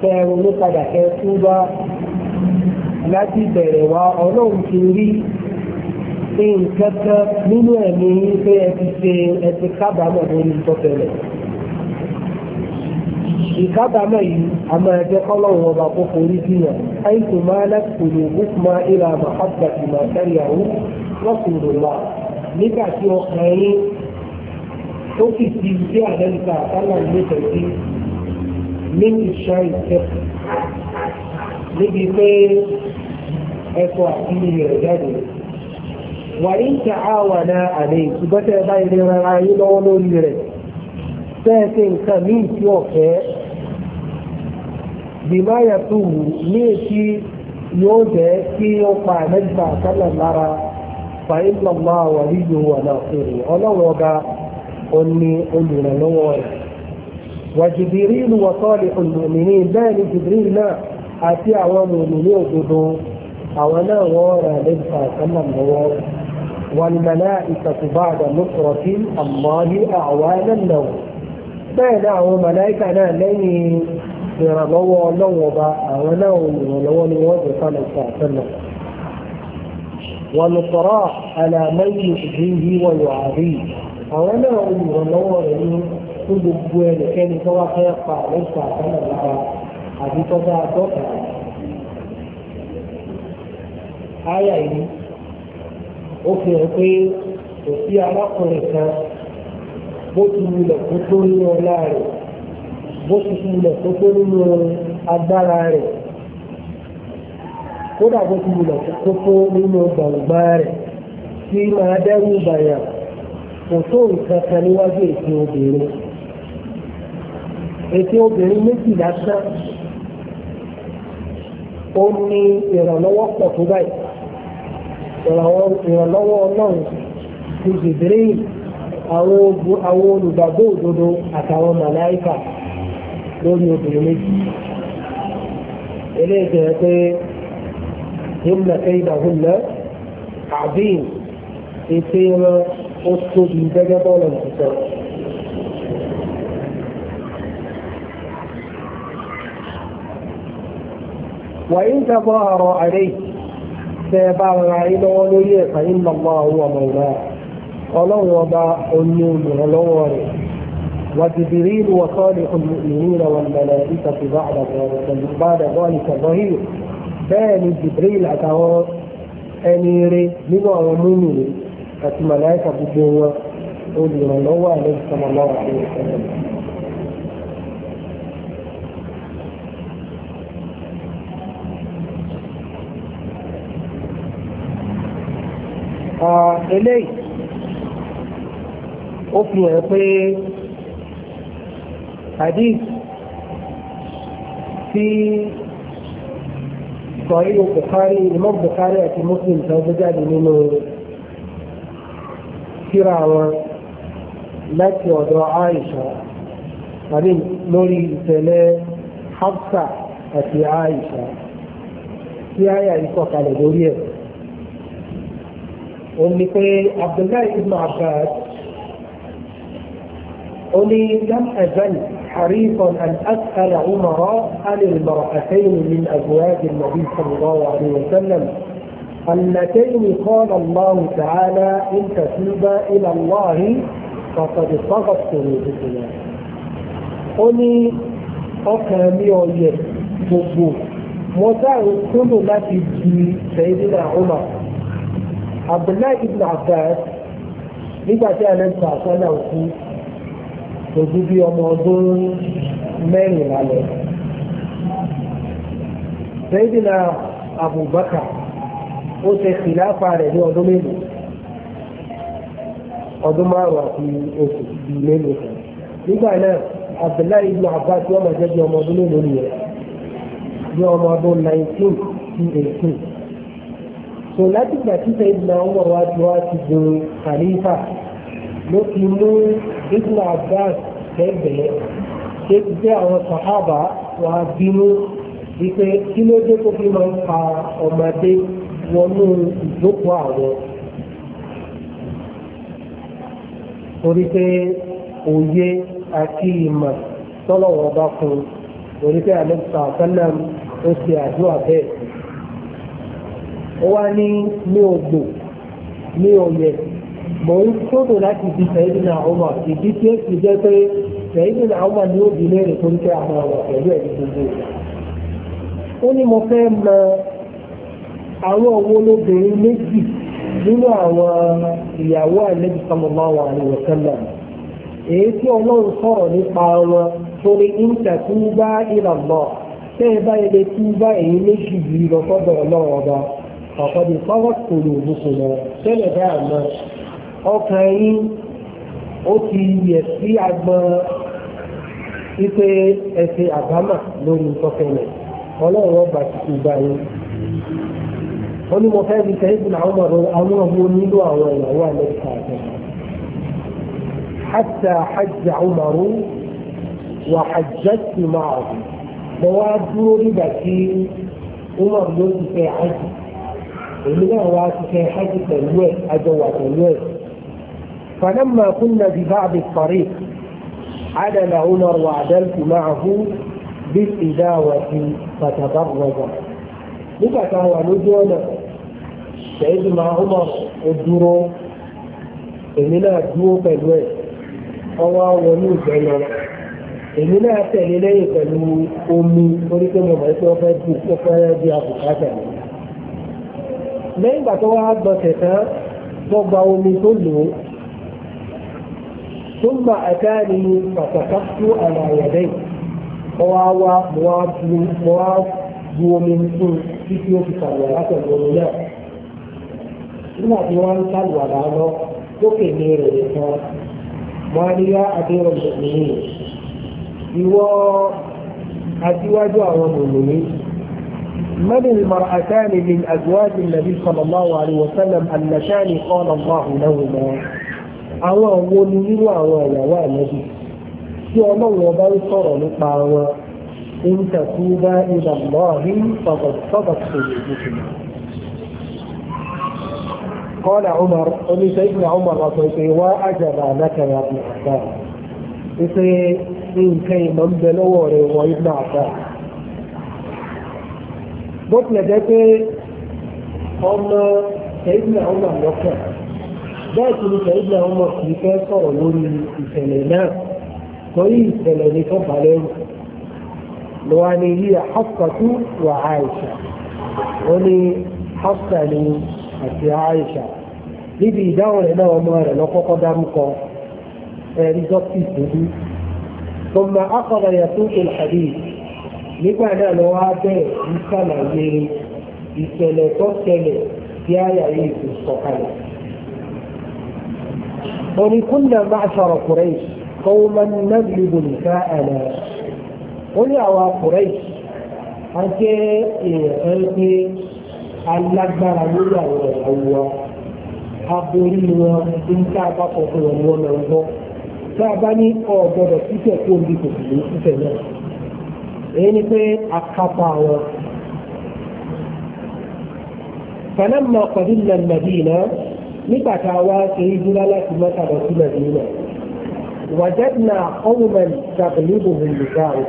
tẹ̀rù ló padà kẹ́ túbá láti bẹ̀rẹ̀ wá ọlọ́run ti rí pé nǹkan kan nínú ẹ̀mí yín pé ẹ ti ṣe ẹ ti kábàámọ̀ lórí ìtọ́tẹ̀lẹ̀. ìkábàámọ̀ yìí a máa jẹ́ kọ́lọ́hún ọba kó forí jìyàn àìsù máa lẹ́kùnrin gúkúmá ìlà àmàkàtà ìmọ̀ àtẹ́yàwó lọ́sùnlọ́lá nígbà tí ọkàn tó sì ti gbé àdẹ́nìkà àtàlà ìlẹ́tẹ̀ sí ní ìṣá ìtẹ́kù níbi pé ẹ̀kọ́ àti ìrẹ̀ jáde wàyí ń ta àwọn náà àlè ìbọ́tẹ̀ báyìí lè ran ayé lọ́wọ́ lórí rẹ̀ tẹ́ẹ̀sẹ̀ nǹkan míì tí ọ̀fẹ́ bìmáyà tó wù ní èsì yóò jẹ́ kí ó pa àmẹ́ta àkálà lára fàyín lọ́mọ àwọn yíyó wà náà fèrè ọlọ́wọ́ ọba ó ní olùrànlọ́wọ́ rẹ̀. وجبريل وصالح المؤمنين بان جبريل náà àti àwọn mòmìnì òdodo àwọn náà wọ́n rà lẹ́gbàá sọ́nà lọ́wọ́ rẹ̀. والملائكة بعد نصرة الله أعوانا له بين أو ملائكة أنا لين ìrànlọ́wọ́ ọlọ́wọ́ bá àwọn náà ìrànlọ́wọ́ ni wọ́n ti fàlẹ̀ ìṣàtọ́nà wọn sọ̀rọ̀ àlàmẹ́yìn ìdíyí wọn yọ àrí àwọn náà ìrànlọ́wọ́ rẹ̀ ní fún gbogbo ẹnikẹ́ni tó wá fẹ́ pa àwọn ìṣàtọ́nà nípa àbí tó bá dọ́kà. Aya yìí ó fi hàn pé kò sí arákùnrin kan bó ti wulẹ̀ tó tó nínú ọlá rẹ̀ bó ti wulẹ̀ tó tó nínú agbára rẹ̀ kódà bó ti wulẹ̀ tó tó nínú gbàngbà rẹ̀ tí máa dẹ́rù bàyà kò tó nǹkan kan níwájú ètò obìnrin ètò obìnrin méjì lásán ó ní ìrànlọ́wọ́ pọ̀ tó báyìí. ìrànlọ́wọ́ ọlọ́run ti jìbìrì àwọn olùgbàgbọ́ òdodo àtàwọn màláìkà lórí obìnrin méjì. eléyìí jẹ́ pé himna kéyìnà himna àbíyìn ètè wọn ó tóbi gẹ́gẹ́ bọ́ọ̀lù ìtìsọ́. وإن تظاهروا عليه tẹ́ ẹ bá ra yín lọ́wọ́ lórí ẹ̀ka yín lọ́mọ àwọn ọmọ ìlà ọlọ́run ọba oní olùrànlọ́wọ́ rẹ̀ وجبريل وصالح المؤمنين والملائكة بعد ذلك بعد ذلك ظهير bẹ́ẹ̀ni jibril àtàwọn ẹni rẹ nínú àwọn múmi àti màláìka gbogbo wọn olùrànlọ́wọ́ àlejò sọmọlọ́wọ́ àlejò sọmọlọ́wọ́. eléyìí ó fi hàn pé hadith tí sọ̀rí Bukhari Imam Bukhari àti Muslim tó gbé jáde nínú síra wọn láti ọ̀dọ̀ Aisha àbí lórí ìtẹ̀lẹ̀ Hafsa àti Aisha tí àyà ìkọ̀kalẹ̀ lórí ẹ̀. òun ni pé abdullahi ibn abbas ó ní lam azal حريصا أن أسأل عمر عن المرأتين من أزواج النبي صلى الله عليه وسلم اللتين قال الله تعالى إن تتوبا إلى الله فقد صغت قلوبكما قلي أكامي أولي gbogbo mo dáhùn kúrò láti di سيدنا عمر عبد الله Abbas عباس، tí a lẹ́nu àṣálà òkú kò ju bí ọmọ ọdún mẹ́rìnlá lọ. Sayyidina Abubakar ó ṣe kìláfà rẹ̀ ní ọdún mélòó ọdún márùn àti oṣù bíi mélòó kan. Nígbà náà Abdullahi ibn Abbas wọ́n máa jẹ́ bí ọmọ ọdún mélòó nìyẹn bí ọmọ ọdún nineteen to eighteen. So, láti ìgbà tí Sayyidina Umar wá ti wá ti do khalifa ló ti mú Ibn Abbas lẹ́gbẹ̀ẹ́ ṣé ti jẹ́ àwọn sàhábà wà bínú wípé kí ló dé tó fi máa ń pa ọmọdé wọnú ìjókòó àwọn. torí pé òye àti ìmọ̀ tọ́lọ̀wọ̀ bá fún un torí pé àlẹ́ sàkánná ó ṣe àdúrà bẹ́ẹ̀ ó wá ní ní ògbò ní òyẹ mò ń tóbi láti di Sayyidina Umar ìdí tí ó ti jẹ́ pé Sayyidina Umar ní òbí léèrè tó ń tẹ́ àwọn ọ̀rọ̀ pẹ̀lú ẹ̀rí gbogbo ó ní mo fẹ́ mọ àwọn owó lóbìnrin méjì nínú àwọn ìyàwó àlejò sallallahu alaihi wa sallam èyí tí ọlọ́run sọ̀rọ̀ nípa wọn torí ìǹtà tí ń bá ìlànà tẹ́ ẹ bá ilé tí ń bá èyí méjì yìí lọ ọlọ́run ọba ọ̀pọ̀dé fọ́wọ́ kòlò òbúkòlò tẹ́lẹ̀ bá àmọ́ ọkàn yín ó ti yẹ sí agbọn wípé ẹsẹ̀ àbámà lórí ìtọ́kẹ̀lẹ̀ ọlọ́run ọgbà tuntun gbà yín ó ní mo fẹ́ fi sẹ́yìn fún àwọn ọmọ àwọn ọmọ nílò àwọn ìyàwó amẹ́ríkà àtẹ̀wọ̀n حتى حج عمر وحجت معه بواد دوري بكي عمر لو في حج èmi náà wá ṣiṣẹ́ hajj pẹ̀lú ẹ̀ àjọ wà pẹ̀lú ẹ̀. فلما كنا ببعض الطريق عدل عمر وعدلت معه بالإداوة فتبرز nígbà táwọn àlójú ọ̀nà ṣẹ́yìn máa ń mọ̀ ó dúró èmi náà dúró pẹ̀lú ẹ̀ ọwọ́ wọnú ìgbẹ́ èmi náà tẹ̀lé lẹ́yìn pẹ̀lú omi orí pé mo mọ̀ ẹ́ pé ó fẹ́ di àbùkátà mi. lẹ́yìn ìgbà tó wá gbọ̀nsẹ̀ tán wọ́n gba omi tó lò ó tó mà ni pàtàkì fún àwọn àyẹ̀dẹ́ yìí wọ́n wá wá mo bu mo wá bu omi fún títí ó fi sàlùwàlá pẹ̀lú omi náà nígbà tí wọ́n ń lọ ní rẹ̀ nìkan á níyá من المرأتان من أزواج النبي صلى الله عليه وسلم اللتان قال الله لهما àwọn àwọn onírú àwọn ìyàwó ànábì tí ọlọ́run ọba ń sọ̀rọ̀ nípa wọn ń tẹ̀kú bá ìlà lọ́ọ̀rí sọ̀bọ̀sọ̀bọ̀sọ̀ ìdíkùn. قال عمر قل سيدنا عمر رضي وأجب لك يا ابن عباس إذا إن كي من بلور وابن عباس bó tilẹ̀ jẹ́ pé ọmọ ṣẹ́yìnlẹ̀ ọmọ àlọ́kàn bẹ́ẹ̀ tí ṣẹ́yìnlẹ̀ ọmọ kì í fẹ́ sọ̀rọ̀ lórí ìṣẹ̀lẹ̀ náà torí ìṣẹ̀lẹ̀ ní tó bà lẹ́rù lọ́wọ́ ni yí àhọ́sàtú wà àìṣà ó ní hafsa ni àti àìṣà níbi ìdáhùn rẹ̀ náà ọmọ rẹ̀ lọ́kọ́kọ́ dárúkọ ẹ̀rí dókítì tó bí ثم أخذ يسوق الحديث nígbà náà lọ wá bẹ̀rẹ̀ ń sàlàyé ìṣẹ̀lẹ̀ tó ṣẹlẹ̀ tí àyà yìí ti sọ̀kalẹ̀. Oni kunna ma'ashara Quraysh qauman naglibu nisa'ana. Ó ní àwa Quraysh a jẹ́ èèyàn pé alágbára lórí àwọn ìyàwó wa. Aborí wọn ń tá bá kọ̀ wọn ní Tá a bá ní ọ̀gbọ́dọ̀ títẹ̀ kó o ní kòkòrò títẹ̀ náà. èyí ni pé akápá wọn. فلما قدمنا المدينة نبكى وسيدنا لك مكة في المدينة وجدنا قوما تغلبهم نساؤهم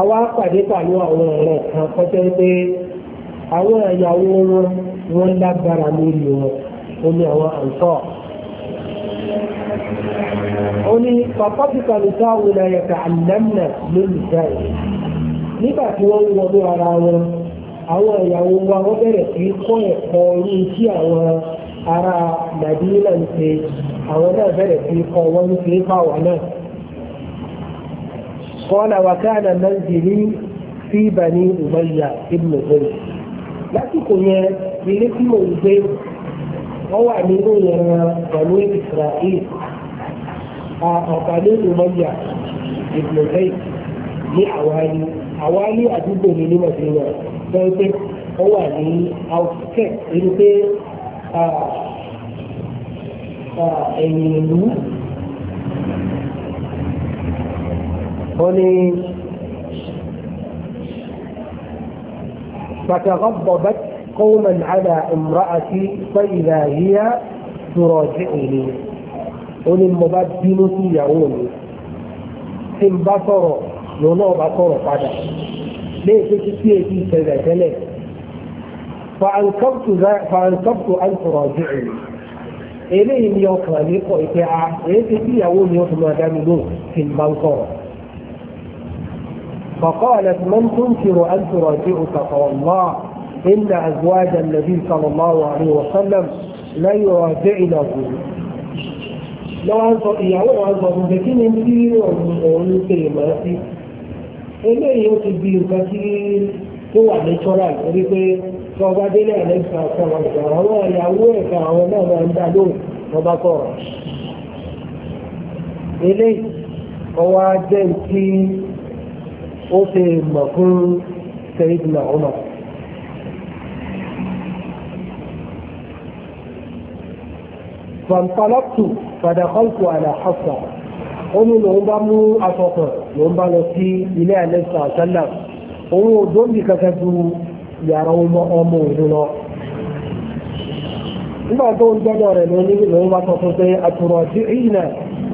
àwa pàdé pàlú àwọn ọ̀rẹ́ kan kọ́tẹ́ pé àwọn ìyàwó wọn wọ́n lágbára lórí wọn ó àwọn ó ní pàpàpìkà nìkan àwọn ẹ̀yẹ̀kà àlẹ́mnà lórí ìdáyà nígbà tí wọ́n ń wọnú ara wọn àwọn ìyàwó wa wọ́n bẹ̀rẹ̀ sí kọ́ ẹ̀kọ́ orí tí àwọn ará nàìjíríà ń ṣe àwọn náà bẹ̀rẹ̀ sí kọ́ wọ́n ń ṣe fáwọn náà. قال وكان منزلي في بني أمية بن زيد lásìkò yẹn ilé tí mo gbé wọ́n wà nínú yẹn pẹ̀lú Israel أطالب أمية ابن زيد لأوالي أوالي أجد من مدينة فأنت أوالي أو سكت أنت أمينو آه، آه، هوني فتغضبت قوما على امرأتي فإذا هي تراجعني ó ní mo bá bínú sí ìyàwó mi tí n bá sọ̀rọ̀ lòun náà bá sọ̀rọ̀ padà léyìn tó ti sí èyí ìṣẹ̀lẹ̀ tẹ́lẹ̀ fàǹkọ́pù àǹtọ̀rọ̀ ọ̀dùnrún eléyìí ni ọkàn mi kọ̀ ìpẹ́ a èyí ti sí ìyàwó mi ó fi máa dá mi lóhùn tí n bá ń sọ̀rọ̀. فقالت من تنكر أن تراجعك فوالله إن أزواج النبي صلى الله عليه وسلم لا يراجعنه lọ́wọ́ sọ ìyàwó ẹ̀ wá sọ fún mi kí ni tí òun ṣe lè máa sí eléyìí ó ti di nǹkan tí tó wà ní tọ́lá torí pé tó ọba délé àlẹ́sà sọ̀rọ̀ ìgbà àwọn ìyàwó ẹ̀ka àwọn náà máa ń dá lóhùn ọba sọ̀rọ̀ eléyìí ọwọ́ ajẹ́ tí ó ṣe fàǹfàlọ́tù fàdàkọ́ǹtù àlà Hafsa ó ní lòun bá mú aṣọ kan lòun bá lọ sí ilé àlẹ́sà àṣálà òun ò dóńbì kankan ju yàrá ọmọ òun lọ nígbà tó ń gbọ́dọ̀ rẹ̀ lóní lòun bá sọ fún pé àtúrọ̀ sí ìyìnà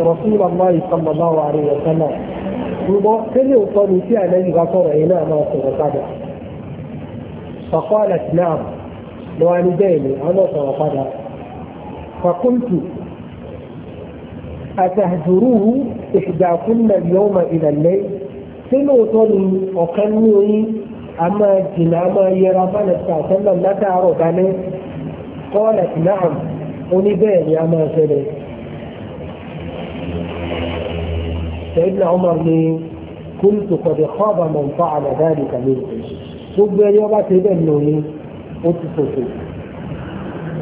rọ̀súlọ̀ máa ìsọ̀mọ̀ bá wà rí ọ̀sán náà ṣùgbọ́n tẹ́lẹ̀ ò sọ ní sí àlẹ́ ìgbà sọ̀rọ̀ yìí náà máa sọ̀rọ̀ padà فقالت نعم لو أنا دائما أنا سأقدر فقلت أتهجروه إحداكن اليوم إلى الليل سنو طري وكنوي أما جناما يرى من استعسل لا تعرف عليه قالت نعم ونبين يا ما سلي سيدنا عمر لي كنت قد خاب من فعل ذلك منكم سبب يوم تبنوني وتفوتوني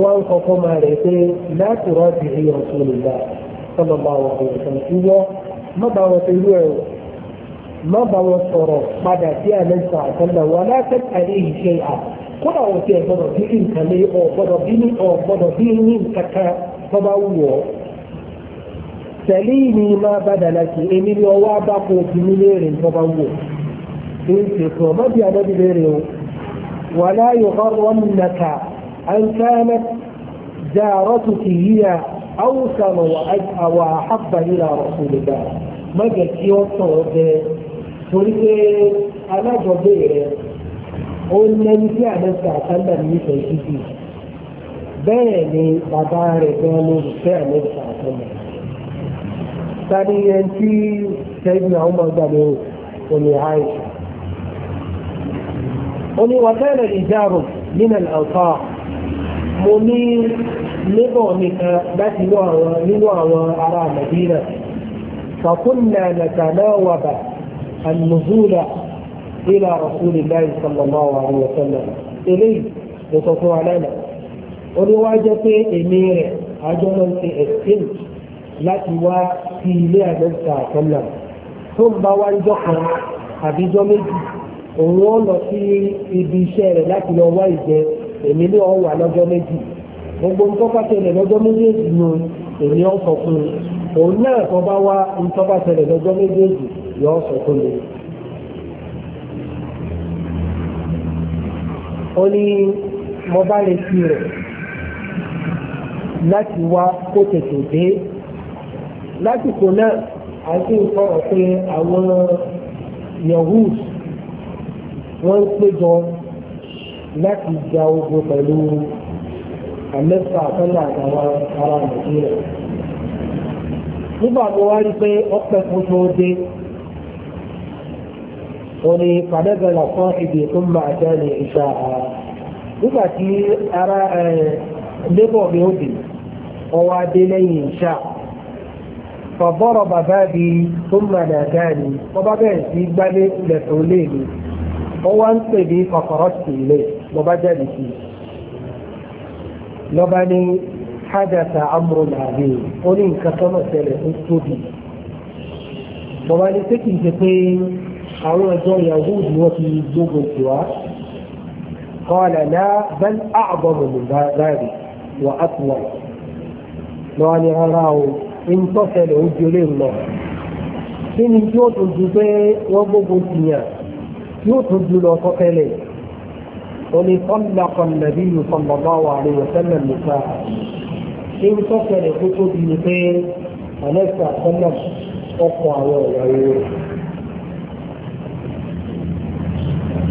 wọ́n ń kọ́kọ́ máa rẹ̀ pé láti rọ́ọ̀dì rí ọ̀tún nìgbà sọ́nà bá wọn kò sàn ìwọ́ o má bá wọn sọ̀rọ̀ padà sí àlẹ́sà àtọ́nà wọn láti àlẹ́ yìí ṣe à kódà wọn ti ẹ̀gbọ́dọ̀ bí ní nǹkan lé ọ̀gbọ́dọ̀ bí ní أن كانت زارتك هي أوسم وأجأ وأحب إلى رسول الله ما جاءت يوصف تلك أنا جبير قلنا نتاع نسع سنة نسع كتير بيني بابار كانوا نتاع نسع سنة ثانيا في سيدنا عمر بن أمي عائشة قلنا وكان الإجار من الأوصاف mo ní lébọ̀ nìkan láti nínú àwọn ará Madina فكنا نتناوب النزول إلى رسول الله صلى الله عليه وسلم إليه لتصوى لنا ولواجه إميره أجل في السن láti wá sí ilé àgbẹ̀sà àtọ́nà tó ń bá wá ìjọ kan àbíjọ méjì òun ó lọ sí ibi iṣẹ́ rẹ̀ láti lọ wá ìjẹ èmi ní ọ̀wà lọ́jọ́ méjì gbogbo ń tọ́ka tẹ̀lẹ̀ lọ́jọ́ méjèèjì ni èmi ọ̀ sọ fún mi òun náà tó bá wá ń tọ́ka tẹ̀lẹ̀ lọ́jọ́ méjèèjì yọ sọ fún mi. ó ní mo bá retí rẹ̀ láti wá kó tètè dé lásìkò náà àti nǹkan ọ̀pẹ àwọn yahood wọ́n ń péjọ láti ja ogun pẹ̀lú àmẹ́fà àtọ́lá àtàwọn ará nàìjíríà nígbà tó wá rí pé ọpẹ fún tó dé wọn ni fàdébẹ̀là fún ìdè tó máa jáde ìṣà àrà nígbà tí ara lébọ̀ mi ó dì ọwọ́ adé lẹ́yìn ìṣà fàbọ́rọ̀ bàbá mi tó máa nàdáni wọ́n bá bẹ̀rẹ̀ sí gbálé lẹ̀tọ́ léèmí ó wá ń pè ní kọ̀kọ̀rọ̀ sí ilé ló bá jáde sí ló bá ní hádàtà amúrò làbí ó ní nǹkan tọ́nà tẹ̀lé ó tóbi ló bá ní pé kì ṣe pé àwọn ẹjọ́ Yahudi ni wọ́n fi gbógun tì wá قال لا بل أعظم من ذلك وأطول lọ́wọ́ ni rárá o ń tọ́sẹ̀lẹ̀ ojú olè ń lọ. kí ni tí ó tún ju pé wọ́n gbógun ti yàn yóò tó jù lọ tọ́tẹ́lẹ̀ oní sọ́nàkọ̀ nàbí sallallahu alaihi wa sallam nìkan ṣé ń tọ́tẹ́lẹ̀ tó tóbi ni pé àlẹ́sà sọ́nà ọkọ̀ àwọn ìyàwó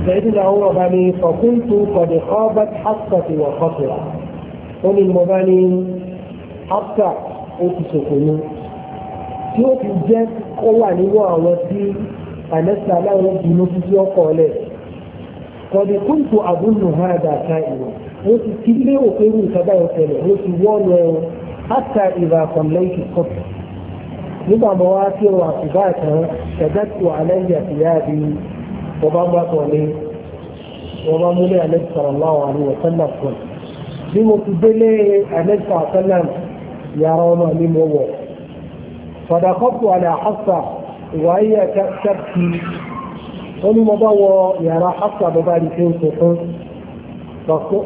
سيدنا عمر بني فكنت قد خابت حتى وخطرت قل المباني حتى ó ti ṣòfò ní tí ó ti jẹ́ kó wà nínú àwọn tí àlẹ́sà aláwọ̀ bínú títí ọkọ̀ ọ̀lẹ̀ kọ̀dí kúntù àbúrò hàn dàtà ìwà ó ti ti lé òkè rú ìkàdá ìtẹ̀lẹ̀ ó ti wọ́ọ̀lù ẹ̀rọ hátà ìwà àkànlẹ́yìn kọ̀pù nígbà mọ́ wá sí ọ̀rọ̀ àtìbá kan ṣẹ̀dẹ́tù àlẹ́yìn àtìyá bí ọba bá tọ̀ lé ọba múlẹ̀ àlẹ́sà aláwọ̀ àríwọ̀ sẹ́lá fún bí àlẹ́sà sẹ́lá wàáyé kẹ́kì onímọ̀báwọ̀ yàrá hafsa bó bá rí pé ó tuntun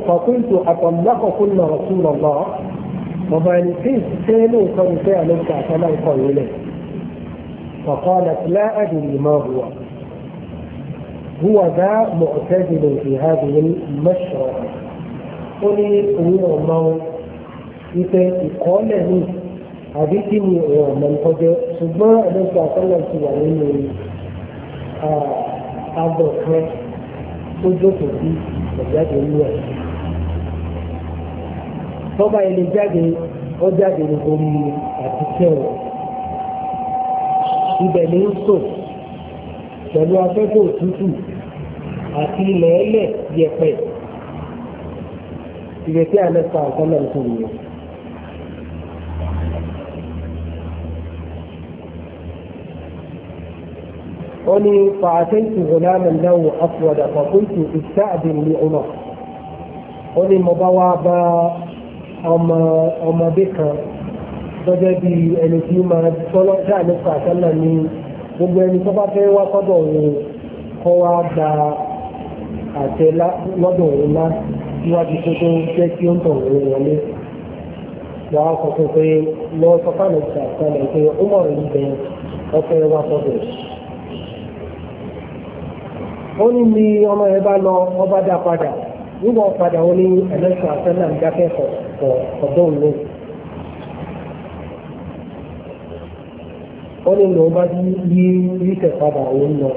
fàkúntù àtọ̀lákọ̀kún náà rọ̀tún lọ́gbà bàbá ẹni tí ṣe ní nǹkan ìfẹ́ àlọ́kà àtọ́lá nǹkan ìwé lẹ̀ فقالت لا أدري ما هو هو ذا معتدل في هذه المشرعة ó ní òun ọ̀nà ìfẹ́ ìkọ́lẹ̀ ní àbí kí ni ọ̀rọ̀ mọ̀lẹ́kọ́jẹ́ ṣùgbọ́n ẹ̀lẹ́sìn àtọ́lá ti wà nínú àgọ̀ kan tó jókòó sí ọ̀jáde inú ẹ̀. tọ́ba ẹni jáde ó jáde gbogbo mi àti kẹwọ̀ ibẹ̀ ni ń sò pẹ̀lú afẹ́fẹ́ òtútù àti ilẹ̀ ẹlẹ̀ yẹpẹ̀ ìrètí àlẹ́sìn àtọ́lá ti wù yẹn. وني فأتيت غلاما له أسود فقلت استأذن لعمر وني مبوابا أما أما بكر gẹ́gẹ́ bí ẹni tí máa tọ́lọ́ gbogbo ẹni tó bá fẹ́ wá sọ́dọ̀ òun kọ́ wá gba àtẹ lọ́dọ̀ òun lá níwájú tó tó jẹ́ kí ó ń tọ̀ òun wọlé. Wà á sọ fún pé lọ sọ wá òun. ó ní ní ọmọ yẹn bá lọ ọba dá padà nígbà padà ó ní ẹlẹ́sìn àtẹ́lẹ̀ ń dákẹ́ kọ̀ ọ̀dọ́ òun ó ní lòun bá yí ríṣẹ̀ padà òun lọ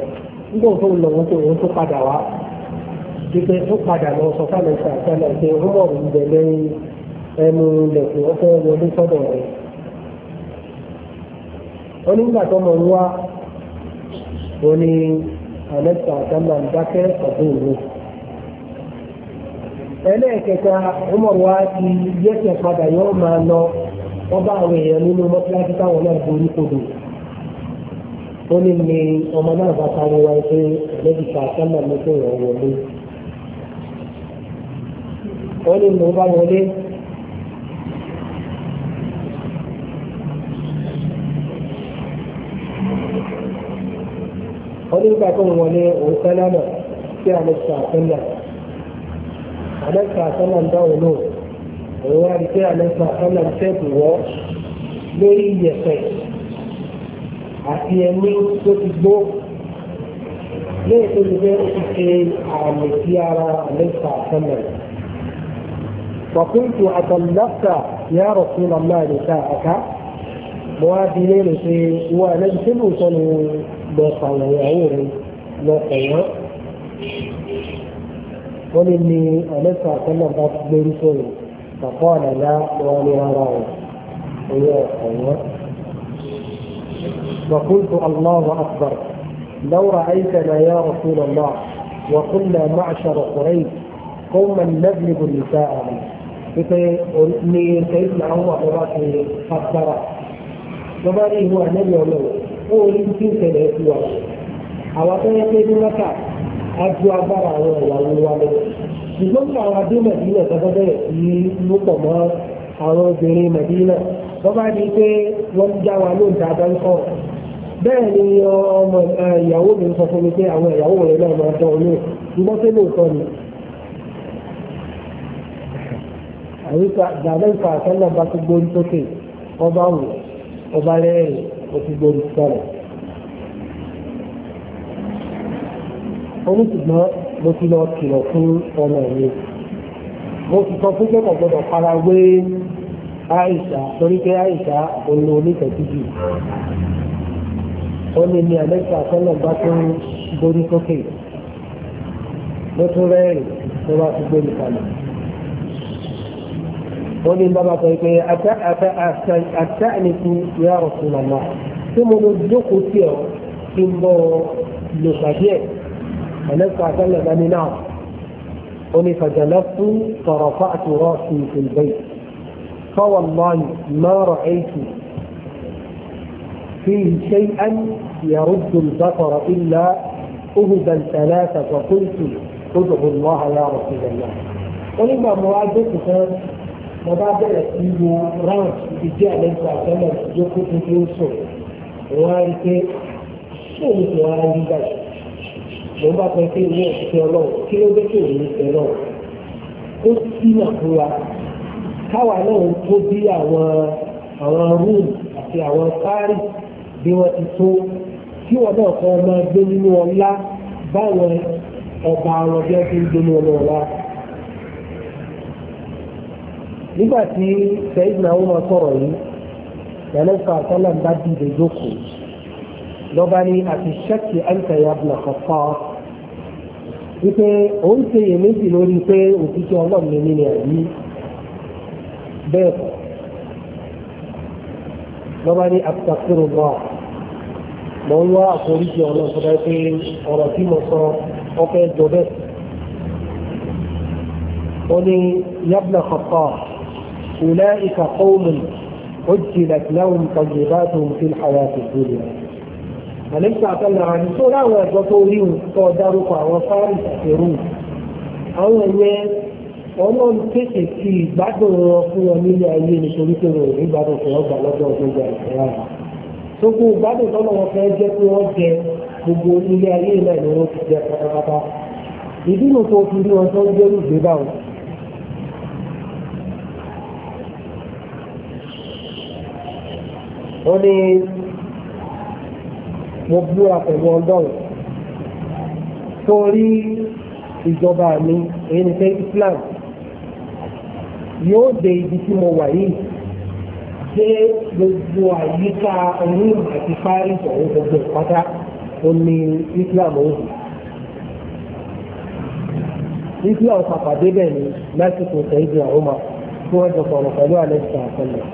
nígbà tó lọ òun tó òun tó padà wá dípẹ́ ó padà lọ sọ fáwọn ẹ̀sìn àtẹ́lẹ̀ pé ó mọ̀ òun bẹ̀ lẹ́yìn ẹnu wọlé àlẹ́sà àdámà ń dákẹ́ ọ̀dún ìlú. ẹlẹ́ẹ̀kẹta Umar wa ti yẹ́sẹ̀ padà yóò máa lọ wọ́n bá àwọn èèyàn nínú mọ́tíláṣí táwọn náà borí kodò. ó ní ní ọmọ náà bá parí wa pé ẹlẹ́dìkà àdámà ló fẹ́ ìrànwọ́ lé. ó ní ní ó bá wọlé. onígbà tó ń wọlé òun sálámà sí àlẹ́sà àtọ́nà àlẹ́sà àtọ́nà ń dá òun lò òun wá rí pé àlẹ́sà àtọ́nà ń tẹ́kù wọ́ lórí ìyẹ̀pẹ̀ àti ẹni tó ti gbó lẹ́yìn tó ti fẹ́ ti ṣe àmì sí ara àlẹ́sà àtọ́nà. فقلت أطلقت يا رسول الله نساءك مواد ليل في ولم تلو الداخل على وعور واقعية ولني ألسى كما بطلين سوي فقال لا ولي أراه هي أخوة فقلت الله أكبر لو رأيتنا يا رسول الله وقلنا معشر قريش قوما نبلغ نساءنا ni saidna umar ɗo ba ke haddara ɗo ba ni huwa nani o wa àwọn tó yẹ pé ní mẹ́ta á ju agbára àwọn ìyàwó wa lọ ṣùgbọ́n ní àwọn adé mẹ̀dínà tọ́jọ́ bẹ̀rẹ̀ sí ló pọ̀ mọ́ àwọn obìnrin mẹ̀dínà wọ́n bá di pé wọ́n já wa ló ń da abẹ́ ń bẹ́ẹ̀ ni ọmọ ìyàwó mi sọ fún mi pé àwọn ìyàwó rẹ̀ náà máa dán olóò ṣùgbọ́n sí lóòótọ́ ni àríkà dàbẹ́ǹkà àtẹ́lẹ̀ bá ti gbórí sókè ọba wù ọba lẹ́yìn ó ti gbórí sọ̀rọ̀ ó ní ṣùgbọ́n mo ti lọ kìlọ̀ fún ọmọ mi mo ti sọ fún pé kò gbọdọ̀ para wé Aisha torí pé Aisha òun oníkẹ̀kí jù ó ní ní Alexa sọ́nà bá tó ń borí sókè ló tún rẹ́rìn tó bá tún gbé nìkan lọ ó ní bàbá sọ pé àtàkùn ya Rasulullah tí mo lọ jókòó sí ọ kí n bọ́ lòpàdé ẹ̀. النبي صلى الله عليه وسلم نعم قل فجلست فرفعت راسي في البيت فوالله ما رايت فيه شيئا يرد البصر الا اهدى ثلاثه فقلت ادعو الله يا رسول الله ولما مراجعه كان مراجعه النبي صلى الله عليه وسلم والسلام في يوسف وقال شيء يعني mo bá sọ pé ilé ìṣẹ́ ọlọ́run kí ló dé kí èyí ṣe náà ó sì nà fún káwa náà tó bí àwọn àwọn rúùn àti àwọn káárì bí wọ́n ti tó kí wọ́n náà kọ́ ọmọ ẹgbẹ́ nínú ọlá báwọn ọba àwọn bí ti ń gbé nínú ọlọ́ọ̀la. nígbà tí sẹ́yìn náà wọ́n máa yìí lẹ́lẹ́sọ̀ àtọ́lá ń bá dìde jókòó. لو بني في الشك انت يا ابن خطاب وتي قلت يمتي لوري تي وتيجي من مين يعني بيت لو بني استغفر الله لو هو اقول لك والله فدايتي ولا في مصر اوكي جوبيت قولي يا ابن خطاب اولئك قوم عجلت لهم طيباتهم في الحياه الدنيا àlẹ́sà àtàlára ní tó láwọn ẹ̀gbọ́n tó rí nǹkan dárúkọ àwọn fáris àtẹrù àwọn ẹ̀yẹ ọlọ́run pèsè ti ìgbádùn wọn fún wọn nílé ayé nítorí pé wọn ò ní gbádùn fún ọgbà lọ́dọ̀ ọ̀gbẹ́gbà ìfẹ́ra gbogbo ìgbádùn tọ́lọ́ wọn fẹ́ jẹ́ pé wọ́n jẹ gbogbo ilé ayé náà ni wọ́n ti jẹ pátápátá ìdí nù tó fi rí wọn tó ń gbérù gbé báwọn. wọ́n ní mo búra pẹ̀lú ọlọ́run torí ìjọba mi èyí ni pé Islam yóò dé ibi tí mo wà yìí dé gbogbo àyíká ọ̀run àti Paris ọ̀hún gbogbo ìpátá ó ní Islam òhùn. Islam pàpàdé bẹ́ẹ̀ ni lásìkò tẹ̀síwá ó máa tí wọ́n jọ sọ̀rọ̀ pẹ̀lú àlẹ́ ìsàn àtẹ̀lẹ̀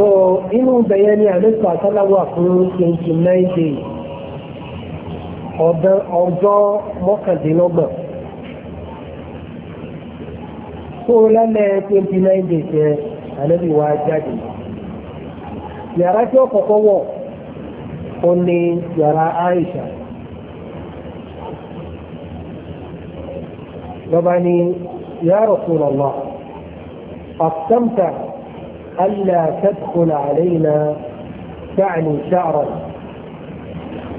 so inú bẹ̀yẹ ni àlejò àtàláwà fún twenty nine days ọjọ́ mọ́kàndínlọ́gbọ̀n so lálẹ́ twenty nine days yẹn àlejò wa jáde yàrá tí ó kọ́kọ́ wọ̀ ó ní yàrá Aisha. lọ́ba ni ya Rasulullah ọ̀sẹ̀mtà ألا تدخل علينا تعني شعرا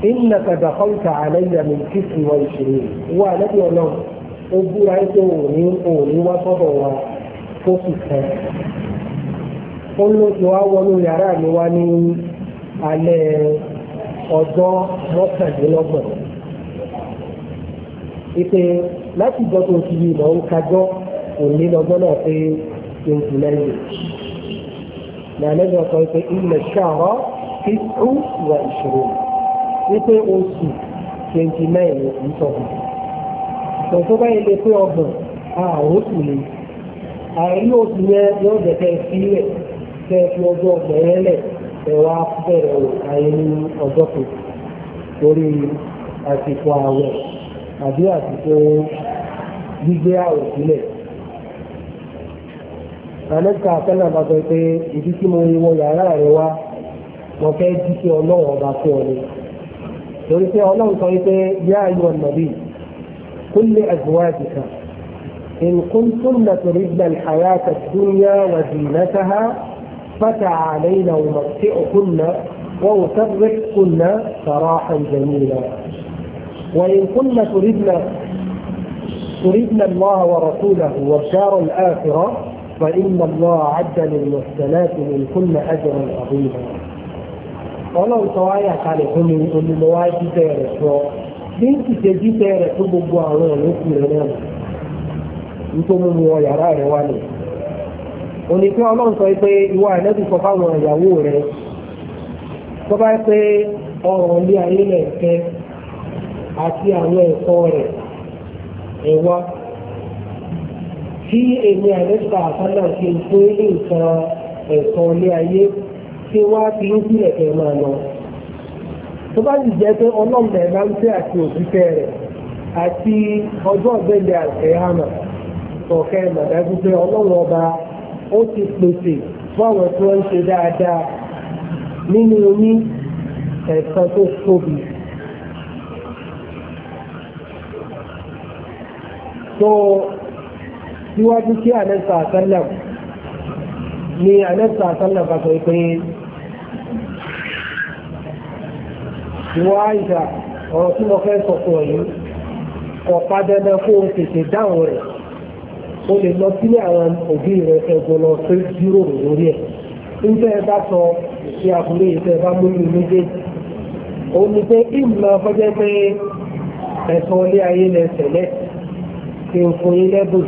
إنك دخلت علي من تسع وعشرين ولدي ولو أبو عيدوني أولي وصدوا فسكا قلت وأول يراني وني على ọjọ́ mọ́kàndínlọ́gbọ̀n ipe láti gbọ́ tó ti yìí lọ́wọ́ kájọ́ òní lọ́gbọ́n náà pé oṣù lẹ́yìn lànàbí ọ̀sọ̀ wípé ilẹ̀ ṣàrọ̀ fífú wà ìṣòro wípé oṣù twenty nine ní sọ̀rọ̀ tòtò báyìí lè pé ọgbọ̀n àrùn oṣù ni àìrí oṣù yẹn yóò jẹ́ kẹ́ ẹ sílẹ̀ kẹ́ ẹ fi ọjọ́ ọgbọ̀n yẹn lẹ̀ ẹ wá ní ọjọ́ kan torí àsìkò àwẹ̀ àbí àsìkò gbígbé àwẹ̀ sílẹ̀. àlẹ́sà sẹ́nà bá sọ pé ìdí tí mo wọ yàrá rẹ wá mo fẹ́ jí sí ọlọ́run ọba fún ọ ni torí pé ọlọ́run sọ pé yá ayọ̀ nàbí كل أزواجك إن كنتن تردن الحياة الدنيا وزينتها فتعالين أمتعكن وأسرحكن سراحا جميلا وإن كن تردن تردن الله ورسوله والدار الآخرة فإن الله عد للمحسنات منكن أجرا عظيما ọlọ́run sọ ayà kalẹ̀ fún mi olùlọ́wọ́ jíjẹ rẹ̀ sọ bí n ti ṣe jíjẹ rẹ̀ tó gbogbo àwọn ìlókù rẹ̀ náà nítorí mo wọ yàrá rẹ̀ wá lẹ̀ òní pé ọlọ́run sọ pé ìwà ẹ̀lẹ́dùn sọ fáwọn ìyàwó rẹ̀ tó bá pé ọrọ̀ ilé ayé lẹ̀ fẹ́ àti àwọn ẹ̀kọ́ rẹ̀ ẹ̀wá tí èmi àìlẹ́sà àtàlà ti ń fún ilé ìtàn ilé ayé tí wá fi ń sí ẹ̀kẹ́ máa lọ. tó bá sì jẹ́ pé ọlọ́mọdé bá ń fẹ́ àti òṣìṣẹ́ rẹ̀ àti ọjọ́ ọ̀gbẹ́lẹ̀ àtẹ̀hánà ọ̀kẹ́ màdájú pé ọlọ́run ọba ó ti pèsè fún àwọn tí wọ́n síwájú kí àlẹ́sà àtẹ́lẹ̀ ni àlẹ́sà àtẹ́lẹ̀ bá sọ pé ìwọ àìsà ọ̀rọ̀ tí mo fẹ́ sọ fún ọ yìí ọ̀pá dandan kó o tètè dáhùn rẹ̀ o lè lọ sílé àwọn òbí rẹ̀ ẹ̀gbọ́n lọ sí jíròrò lórí ẹ̀ nígbà ẹ bá sọ ìṣe àbúrò ìṣe bá mú mi méjèèjì ó ní pé ìmọ̀ ọ̀fọ́jẹ́ pé ẹ̀sán ilé ayé lẹ kí n fún yín lẹ́bùn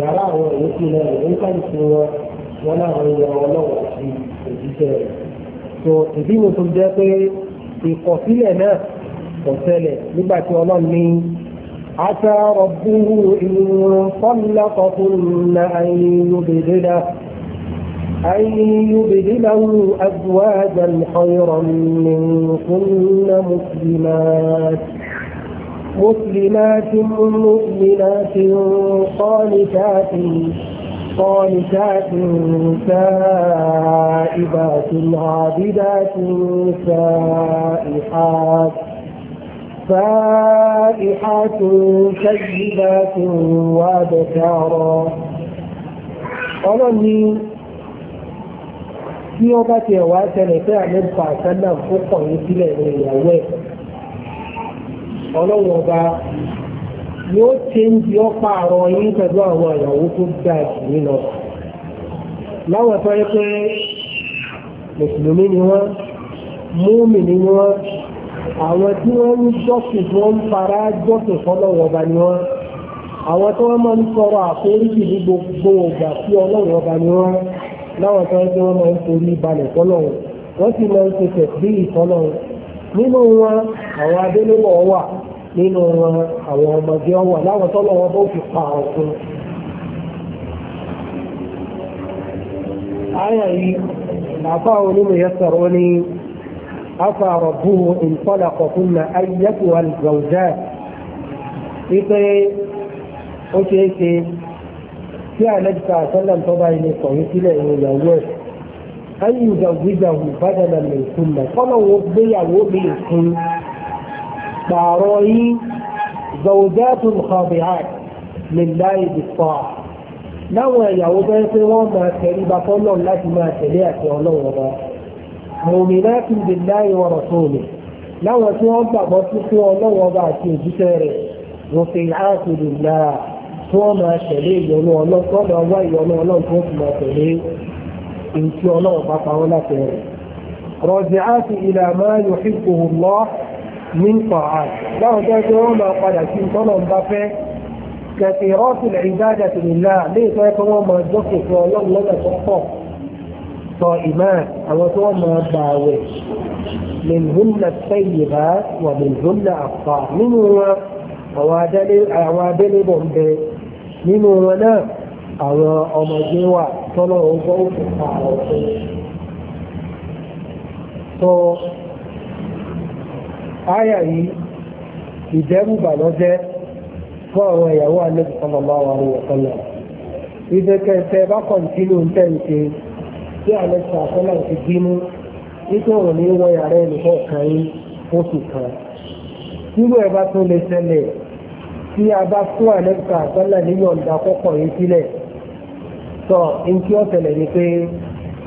yàrá àwọn ìwókù náà ìwé kàǹtì wọn wọn láwọn ìyá ọlọ́wọ́ àti òjíṣẹ́ rẹ̀. so ìdí mi tó jẹ́ pé ìkọ̀sílẹ̀ náà kò ṣẹlẹ̀ nígbà tí ọlọ́run ní ata rabbuhu in tallaqakunna an yubdila an yubdilahu azwajan khayran minkunna muslimat. مسلمات مؤمنات قانتات قانتات سائبات عابدات سائحات سائحات كذبات وابتارا ọlọ́run ni tí ó bá ti ẹ̀wà tẹ̀lẹ̀ fẹ́ àmì ìpàṣẹ náà ó kọ̀ sílẹ̀ ní ìyàwó ẹ̀ ọlọ́wọ́n ọba yóò ṣe ń di ọ́pá àrọ̀ yín pẹ̀lú àwọn ìyàwó tó dáa jù yín lọ. láwọn ẹ̀fọ́ yẹ pé mùsùlùmí ni wọ́n ni wọ́n àwọn tí wọ́n ń jọ́sìn tí wọ́n ń fara jọ́sìn ni wọ́n àwọn ń sọ̀rọ̀ àforíjì gbogbo sí ni wọ́n láwọn wọ́n máa ń balẹ̀ wọ́n sì máa ń ṣe tẹ̀sí nínú àwọn ọmọdé ọwọ́ láwọn tọ́lọ́ wọn bó fi pa ọ̀tún. Àyà yìí àfa onímọ̀ yẹn sọ̀rọ̀ ní afa rabbuhu in talaqa kunna ayyatuhal zawjat wípé ó ṣeé ṣe tí àlẹ́jìká àtọ́lẹ̀ tó bá ilé sọ̀rọ̀ sílẹ̀ ìrìnàwó ẹ̀ ayé ìgbàgbégbà hù bá dànà lè kúnnà kọ́lọ̀ wo gbéyàwó mi fún pààrọ̀ yín zọ̀wọ́dẹ́tù khadi'at lillahi bis-sa'a láwọn ìyàwó bẹ́ẹ̀ pé wọ́n máa tẹ̀lé bá fọ́lọ́ láti máa tẹ̀lé àti ọlọ́run ọba mu'minatun billahi wa rasulihi láwọn tí wọ́n gbàgbọ́ sí fún ọlọ́run ọba àti òjíṣẹ́ rẹ̀ muti'atu lillah tí wọ́n máa tẹ̀lé ìyọnu ọlọ́kọ́dọ̀ wá ìyọnu ọlọ́run tó ti máa tẹ̀lé ìtì ọlọ́run pápá wọn láti rẹ̀ raji'atu ila ma yuhibbuhu Allah ní kọ̀ọ̀án láwọn tó ṣe wọ́n máa padà sí tọ́lọ̀ ń bá fẹ́ kẹ̀kẹ́ rọ́ọ̀sì ìdájà tì nílá léè tó ẹ̀kọ́ wọn máa jókòó fún ọlọ́run lọ́dọ̀ tó pọ̀ sọ ìmáà àwọn tó wọ́n máa gbà wẹ̀ mẹ̀lúnà tẹ́yìnbá wà mẹ̀lúnà àpá nínú wọn àwọn adélébọ̀ ń bẹ nínú wọn náà àwọn ọmọdé wà tọ́lọ̀ áyà yìí ìdẹ́rùbà ló jẹ́ fún àwọn ìyàwó Ànábì sallallahu alaihi wa sallam ìdẹ́kẹ̀ẹ́sẹ̀ bá kọ̀ǹtínú ń tẹ̀ǹtẹ̀ tí Ànábì àkọ́lá ti bínú nítorí ní wọ́n yàrá ẹnìkan kan yín oṣù kan nígbà ẹ̀ bá tún lè ṣẹlẹ̀ tí a bá fún Ànábì àkọ́lá níyọ̀ǹda kọ́kọ̀ yín sílẹ̀ sọ ní kí ọ̀sẹ̀lẹ̀ ni pé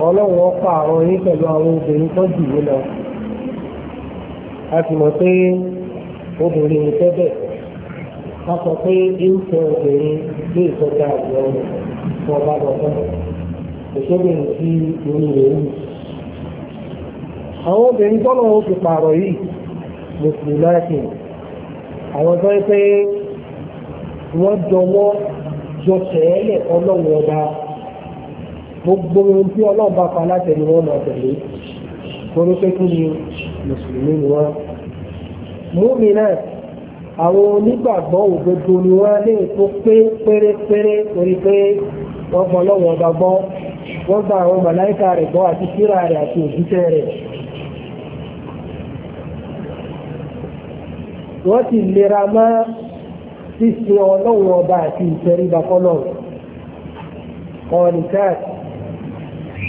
ọlọ́run ọ̀pá àwọn yín pẹ̀lú àwọn obìnrin tó jù a ti mọ̀ pé obìnrin ń fẹ́ bẹ́ẹ̀ a sọ pé irúfẹ́ obìnrin lè tọ́jà àwùjọ rẹ̀ fún ọba lọ́dọ́ òṣèbìnrin tí orí rẹ̀ wù. àwọn obìnrin tọ́lọ̀ ó fi pààrọ̀ yìí mùsùlùmí láti àwọn tó ń pé wọ́n jọwọ́ jọ tẹ̀ẹ́lẹ̀ ọlọ́run ọba gbogbo ohun tí ọlọ́run bá pa láti ẹni wọ́n tẹ̀lé torí pé kí ni mùsùlùmí ni wọ́n. múmi náà àwọn onígbàgbọ́ òdodo ni wọ́n lè tó pé pérépéré torí pé wọ́n gbọ́ lọ́wọ́ ọba gbọ́ wọ́n gba àwọn màláìka rẹ̀ gbọ́ àti síra rẹ̀ àti òjíṣẹ́ rẹ̀. wọ́n ti lera mọ́ sísè ọlọ́run ọba àti ìtẹríba kọ́nà ọ̀nìkà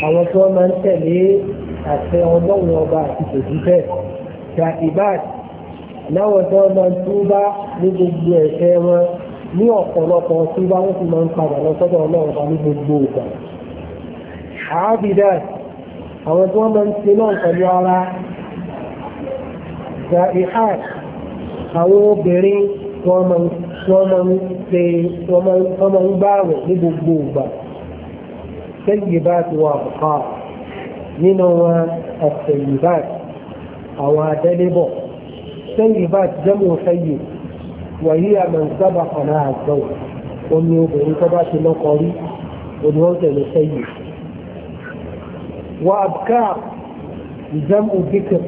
àwọn tí wọ́n máa ń tẹ̀lé àṣẹ ọlọ́run ọba àti tòjúfẹ́ ṣàtìbáàt láwọn tó máa ń túbá ní gbogbo ẹ̀ṣẹ̀ wọn ní ọ̀pọ̀lọpọ̀ túbá wọn sì máa ń padà lọ sọ́dọ̀ ọlọ́run ọba ní gbogbo ìgbà. àábìdáàt àwọn tí wọ́n máa ń ṣe náà pẹ̀lú ara ṣàìhàt àwọn obìnrin wọ́n máa ń gbáwẹ̀ ní gbogbo ìgbà. sẹ́yìn bá ti wà ọ̀kan nínú wọn as-sayyibat àwọn adẹ́lébọ̀ sayyibat jam'u sayyib wa hiya man sabaqa laha az-zawj omi obìnrin tó bá ti lọ́kọ rí omi wọ́n tẹ̀lé sayyib. wa abkar jam'u bikr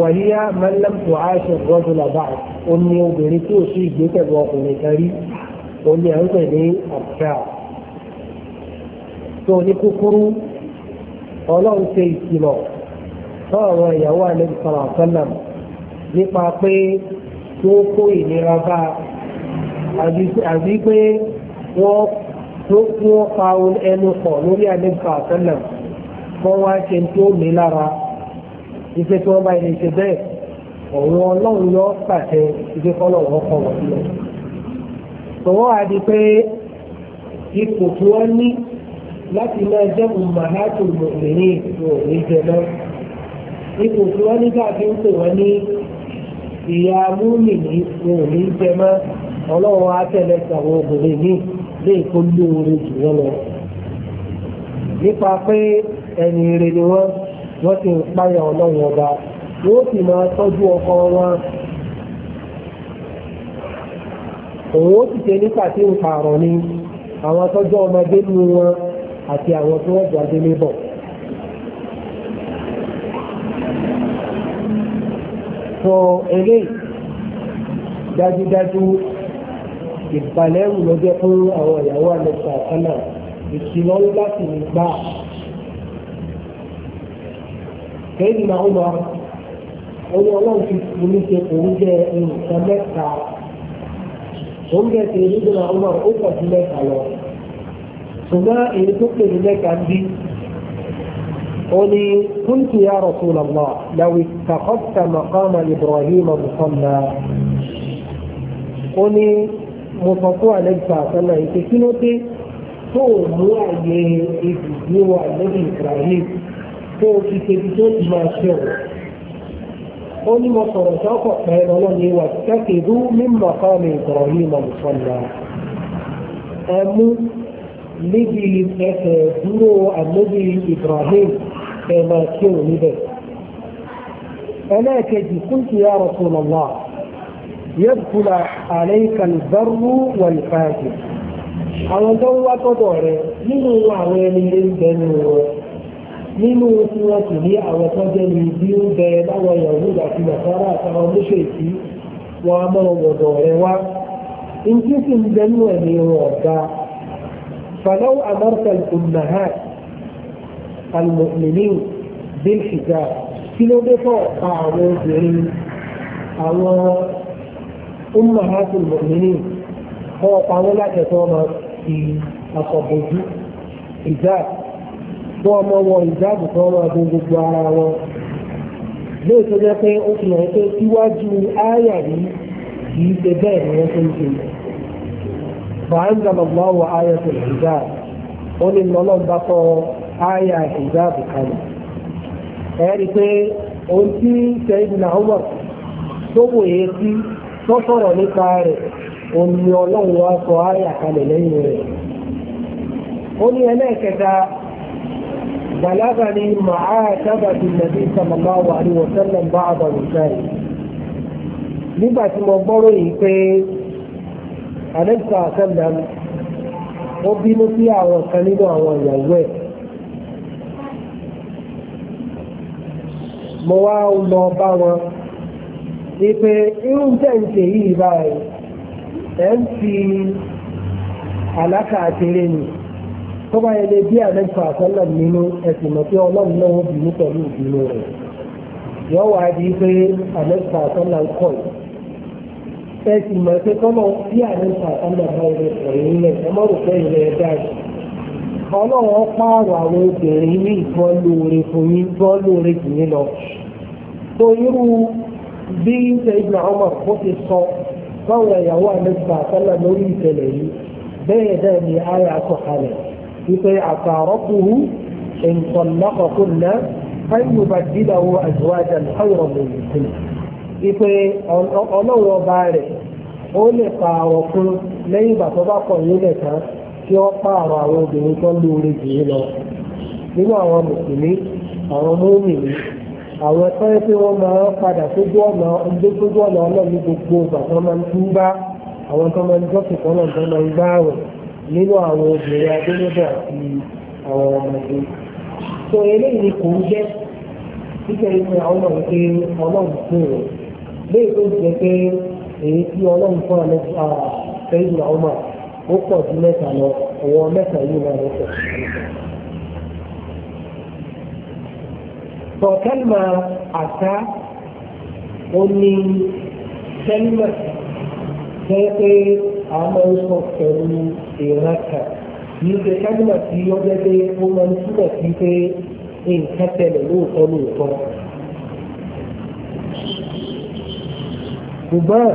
wa hiya man lam tu'ashir ar-rajula omi obìnrin tí ò sí ìgbésẹ̀ ọkùnrin kan omi à ń tẹ̀lé abkar. tó ní kúkúrú ọlọ́run ṣe ìkìlọ̀ fún àwọn ìyàwó àlejò sọ̀rọ̀ àfẹ́lẹ̀ nípa pé kí wọ́n kó ìnira bá àbí pé wọ́n tó kí wọ́n pa ẹnu pọ̀ lórí àlejò sọ̀rọ̀ àfẹ́lẹ̀ kọ́ wá ṣe tí ó lé lára ife tí wọ́n bá ilé ṣe bẹ́ẹ̀ ọ̀run ọlọ́run yọ pàṣẹ ife kọ́lọ̀ wọn kọ̀ wọ́n sílẹ̀. tọ́wọ́ àdí pé ipò tí wọ́n ní láti máa jẹ́ mùmàhátù mùmìnì òní jẹmọ́ ipò tí wọ́n nígbà tí ń pè wọ́n ní ìyá múmìnì òní jẹmọ́ ọlọ́run àtẹlẹsẹ àwọn obìnrin ní lè kó lóore jù wọ́n lọ nípa pé ẹni rere ni wọ́n wọ́n ti ń páyà ọlọ́run ọba yóò sì máa tọ́jú ọkọ wọn òun ó sì ṣe nípa tí ń pààrọ̀ ni àwọn tọ́jú ọmọdé nu wọn àti àwọn tí wọ́n jáde lébọ̀. sọ eléyìí dájúdájú ìbàlẹ́rù ló jẹ́ fún àwọn ìyàwó àlẹ́sà kánà ìkìlọ̀ láti nígbà. kẹ́yìn náà ó máa ẹni ọlọ́run ti fún mi ṣe kò ń jẹ nǹkan mẹ́ta òun jẹ́ kí ẹni náà ó máa ó pọ̀ sí mẹ́ta lọ ṣùgbọ́n èyí tó pè ní lẹ́ka bí ó ní kúntù ya Rasulullah law ittakhadhta maqama Ibrahima musalla ó ní mo sọ fún àlẹ́gbà sọ́nà ìpè kí ló dé tó mú àyè ibùdó àlẹ́bí Ibrahim tó fi ṣebi tó ti máa ṣe ọ̀rọ̀ ó ní mo sọ̀rọ̀ sọ́kọ̀ pẹ̀lú ọlọ́ni wà kẹ́kẹ̀ẹ́dú mímọ̀ kọ́ mi Ibrahim musalla ẹ mú níbi ẹsẹ̀ dúró ànábì Ibrahim ẹ̀ máa kí òun níbẹ̀. ẹlẹ́ẹ̀kejì qultu ya Rasulullah yadkhulu alayka al-barru àwọn tó ń wá tọ́dọ̀ rẹ̀ nínú àwọn ẹni lé ń bẹ nínú wọn nínú tí wọ́n sì ní àwọn tó jẹ́ ní ibi ń bẹ láwọn ìyàwó àti nàfàrà àtàwọn oníṣèjì wọn a máa rẹ̀ wá. nínú ẹ̀mí wọn ọ̀gá فلو أمرت الأمهات المؤمنين بالحجاب كيلو دفع أعوان بيرين أعوان أمهات المؤمنين هو طاولة يتوما في أصبوجي حجاب طوما وحجاب طوما بوجود على wọn lóò tó jẹ́ pé ó fi hàn pé síwájú ááyà فأنزل الله آية الحجاب قل إن الله بقى آية الحجاب كان ẹ̀rí pé ohun tí sẹ́yìnà ọwọ́ tó wò é sí tó sọ̀rọ̀ nípa rẹ̀ òun ni ọlọ́run wá sọ àyà kalẹ̀ lẹ́yìn rẹ̀. ó ní ẹlẹ́ẹ̀kẹta bàlágà ni màá sábàbí nàbí sallallahu alaihi wa sallam bá àbàlùsáì nígbà tí mo gbọ́rọ̀ yìí pé àlẹ́sà àtẹ́lẹ̀ ó bínú sí àwọn kan nínú àwọn ìyàwó ẹ̀ mo wá lọ bá wọn ní pé irú tẹ̀ǹtẹ̀ yìí báyìí ẹ̀ ń fi àlákà àtẹrẹ nì tó bá yẹn lè bí àlẹ́sà àtẹ́lẹ̀ nínú ẹ̀sìn mọ̀ pé ọlọ́run náà ó bínú pẹ̀lú ìbínú rẹ̀ yọ pé ń kọ̀ yìí. ẹ sì mọ̀ pé kọ́nà bí àrùn sàkánà bá ilẹ̀ sọ̀rọ̀ ilẹ̀ ẹ mọ̀ rò pé ilẹ̀ ẹ dá jù. ọlọ́run pààrọ̀ àwọn obìnrin ní ìbọn lóore fún yín bọ́ lóore jù yín lọ. tó irú bí sẹ́yìn ọmọ kó ti sọ báwọn ìyàwó àrùn sàkánà lórí ìṣẹ̀lẹ̀ yìí bẹ́ẹ̀ náà ni àyà sọ̀kalẹ̀ wípé àtàrọ́kùrú ìǹtọ̀lọ́kọ̀kùnà fáyọ̀ bàdìlà àjọ ipe ọlọ́run ọba rẹ̀ ó lè pààrọ̀ fún lẹ́yìn ìgbà tó bá kọ̀ yín nìkan kí wọ́n pààrọ̀ lọ nínú àwọn mùsùlùmí àwọn mùmínì àwọn tó yẹ pé wọ́n máa ń padà sójú ọ̀nà sójú ọlọ́run ní gbogbo ìgbà tó máa ń tún bá àwọn tó máa ń jọ́sìn kan tó máa ń gbá nínú àwọn obìnrin àti àwọn ọmọdé. eléyìí kò ń jẹ́ pé àwọn léyìí tó jẹ pé èyí tí ọlọ́run fún àlẹ́ sẹ́yìn ọmọ ah, ó pọ̀ ju mẹ́ta lọ ọwọ́ mẹ́ta yìí náà ló pọ̀. sọ kẹ́lìmà àṣà ó ní kẹ́lìmà jẹ́ pé a máa ń sọ pẹ̀lú ìrákà kì í kẹ́lìmà tí ó jẹ́ pé ó máa ń túbọ̀ sí pé nǹkan tẹ̀lé lóòótọ́ lóòótọ́. ṣùgbọ́n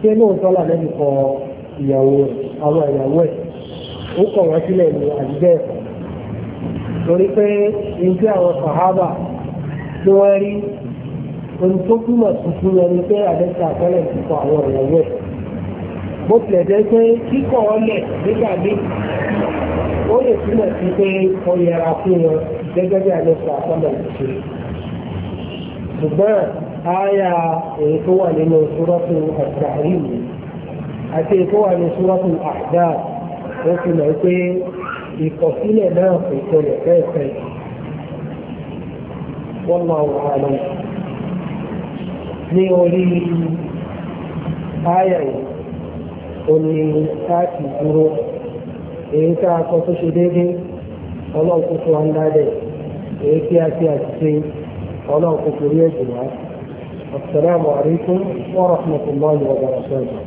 ṣé lóòótọ́ lànàbí kọ ìyàwó àwọn ìyàwó ẹ̀ ó kọ̀ wọ́n sílẹ̀ ní àdúgbò ẹ̀kọ́ torí pé ibi àwọn sàhábà tí wọ́n rí ohun tó túmọ̀ tuntun yẹn ni pé àdẹ́sà àtẹ́lẹ̀ ti kọ àwọn ìyàwó ẹ̀ bó tilẹ̀ jẹ́ pé kíkọ̀ ọlẹ̀ nígbà míì ó lè túmọ̀ sí pé ó ṣùgbọ́n àyà èyí tó wà nínú ṣúrọ́tù àtàríyìn àti èyí tó wà ní ṣúrọ́tù àdá ó fi mọ̀ pé ìkọ̀sílẹ̀ náà kò tẹ̀lé fẹ́ẹ̀fẹ́ wọ́n máa wà á lọ ní orí àyà yìí ó káàkiri dúró èyí tá a kọ tó ṣe déédéé ọlọ́run tó tó wá ń dá dẹ̀ èyí tí a ti àti ṣe. قاله في كورية الجمعة السلام عليكم ورحمة الله وبركاته.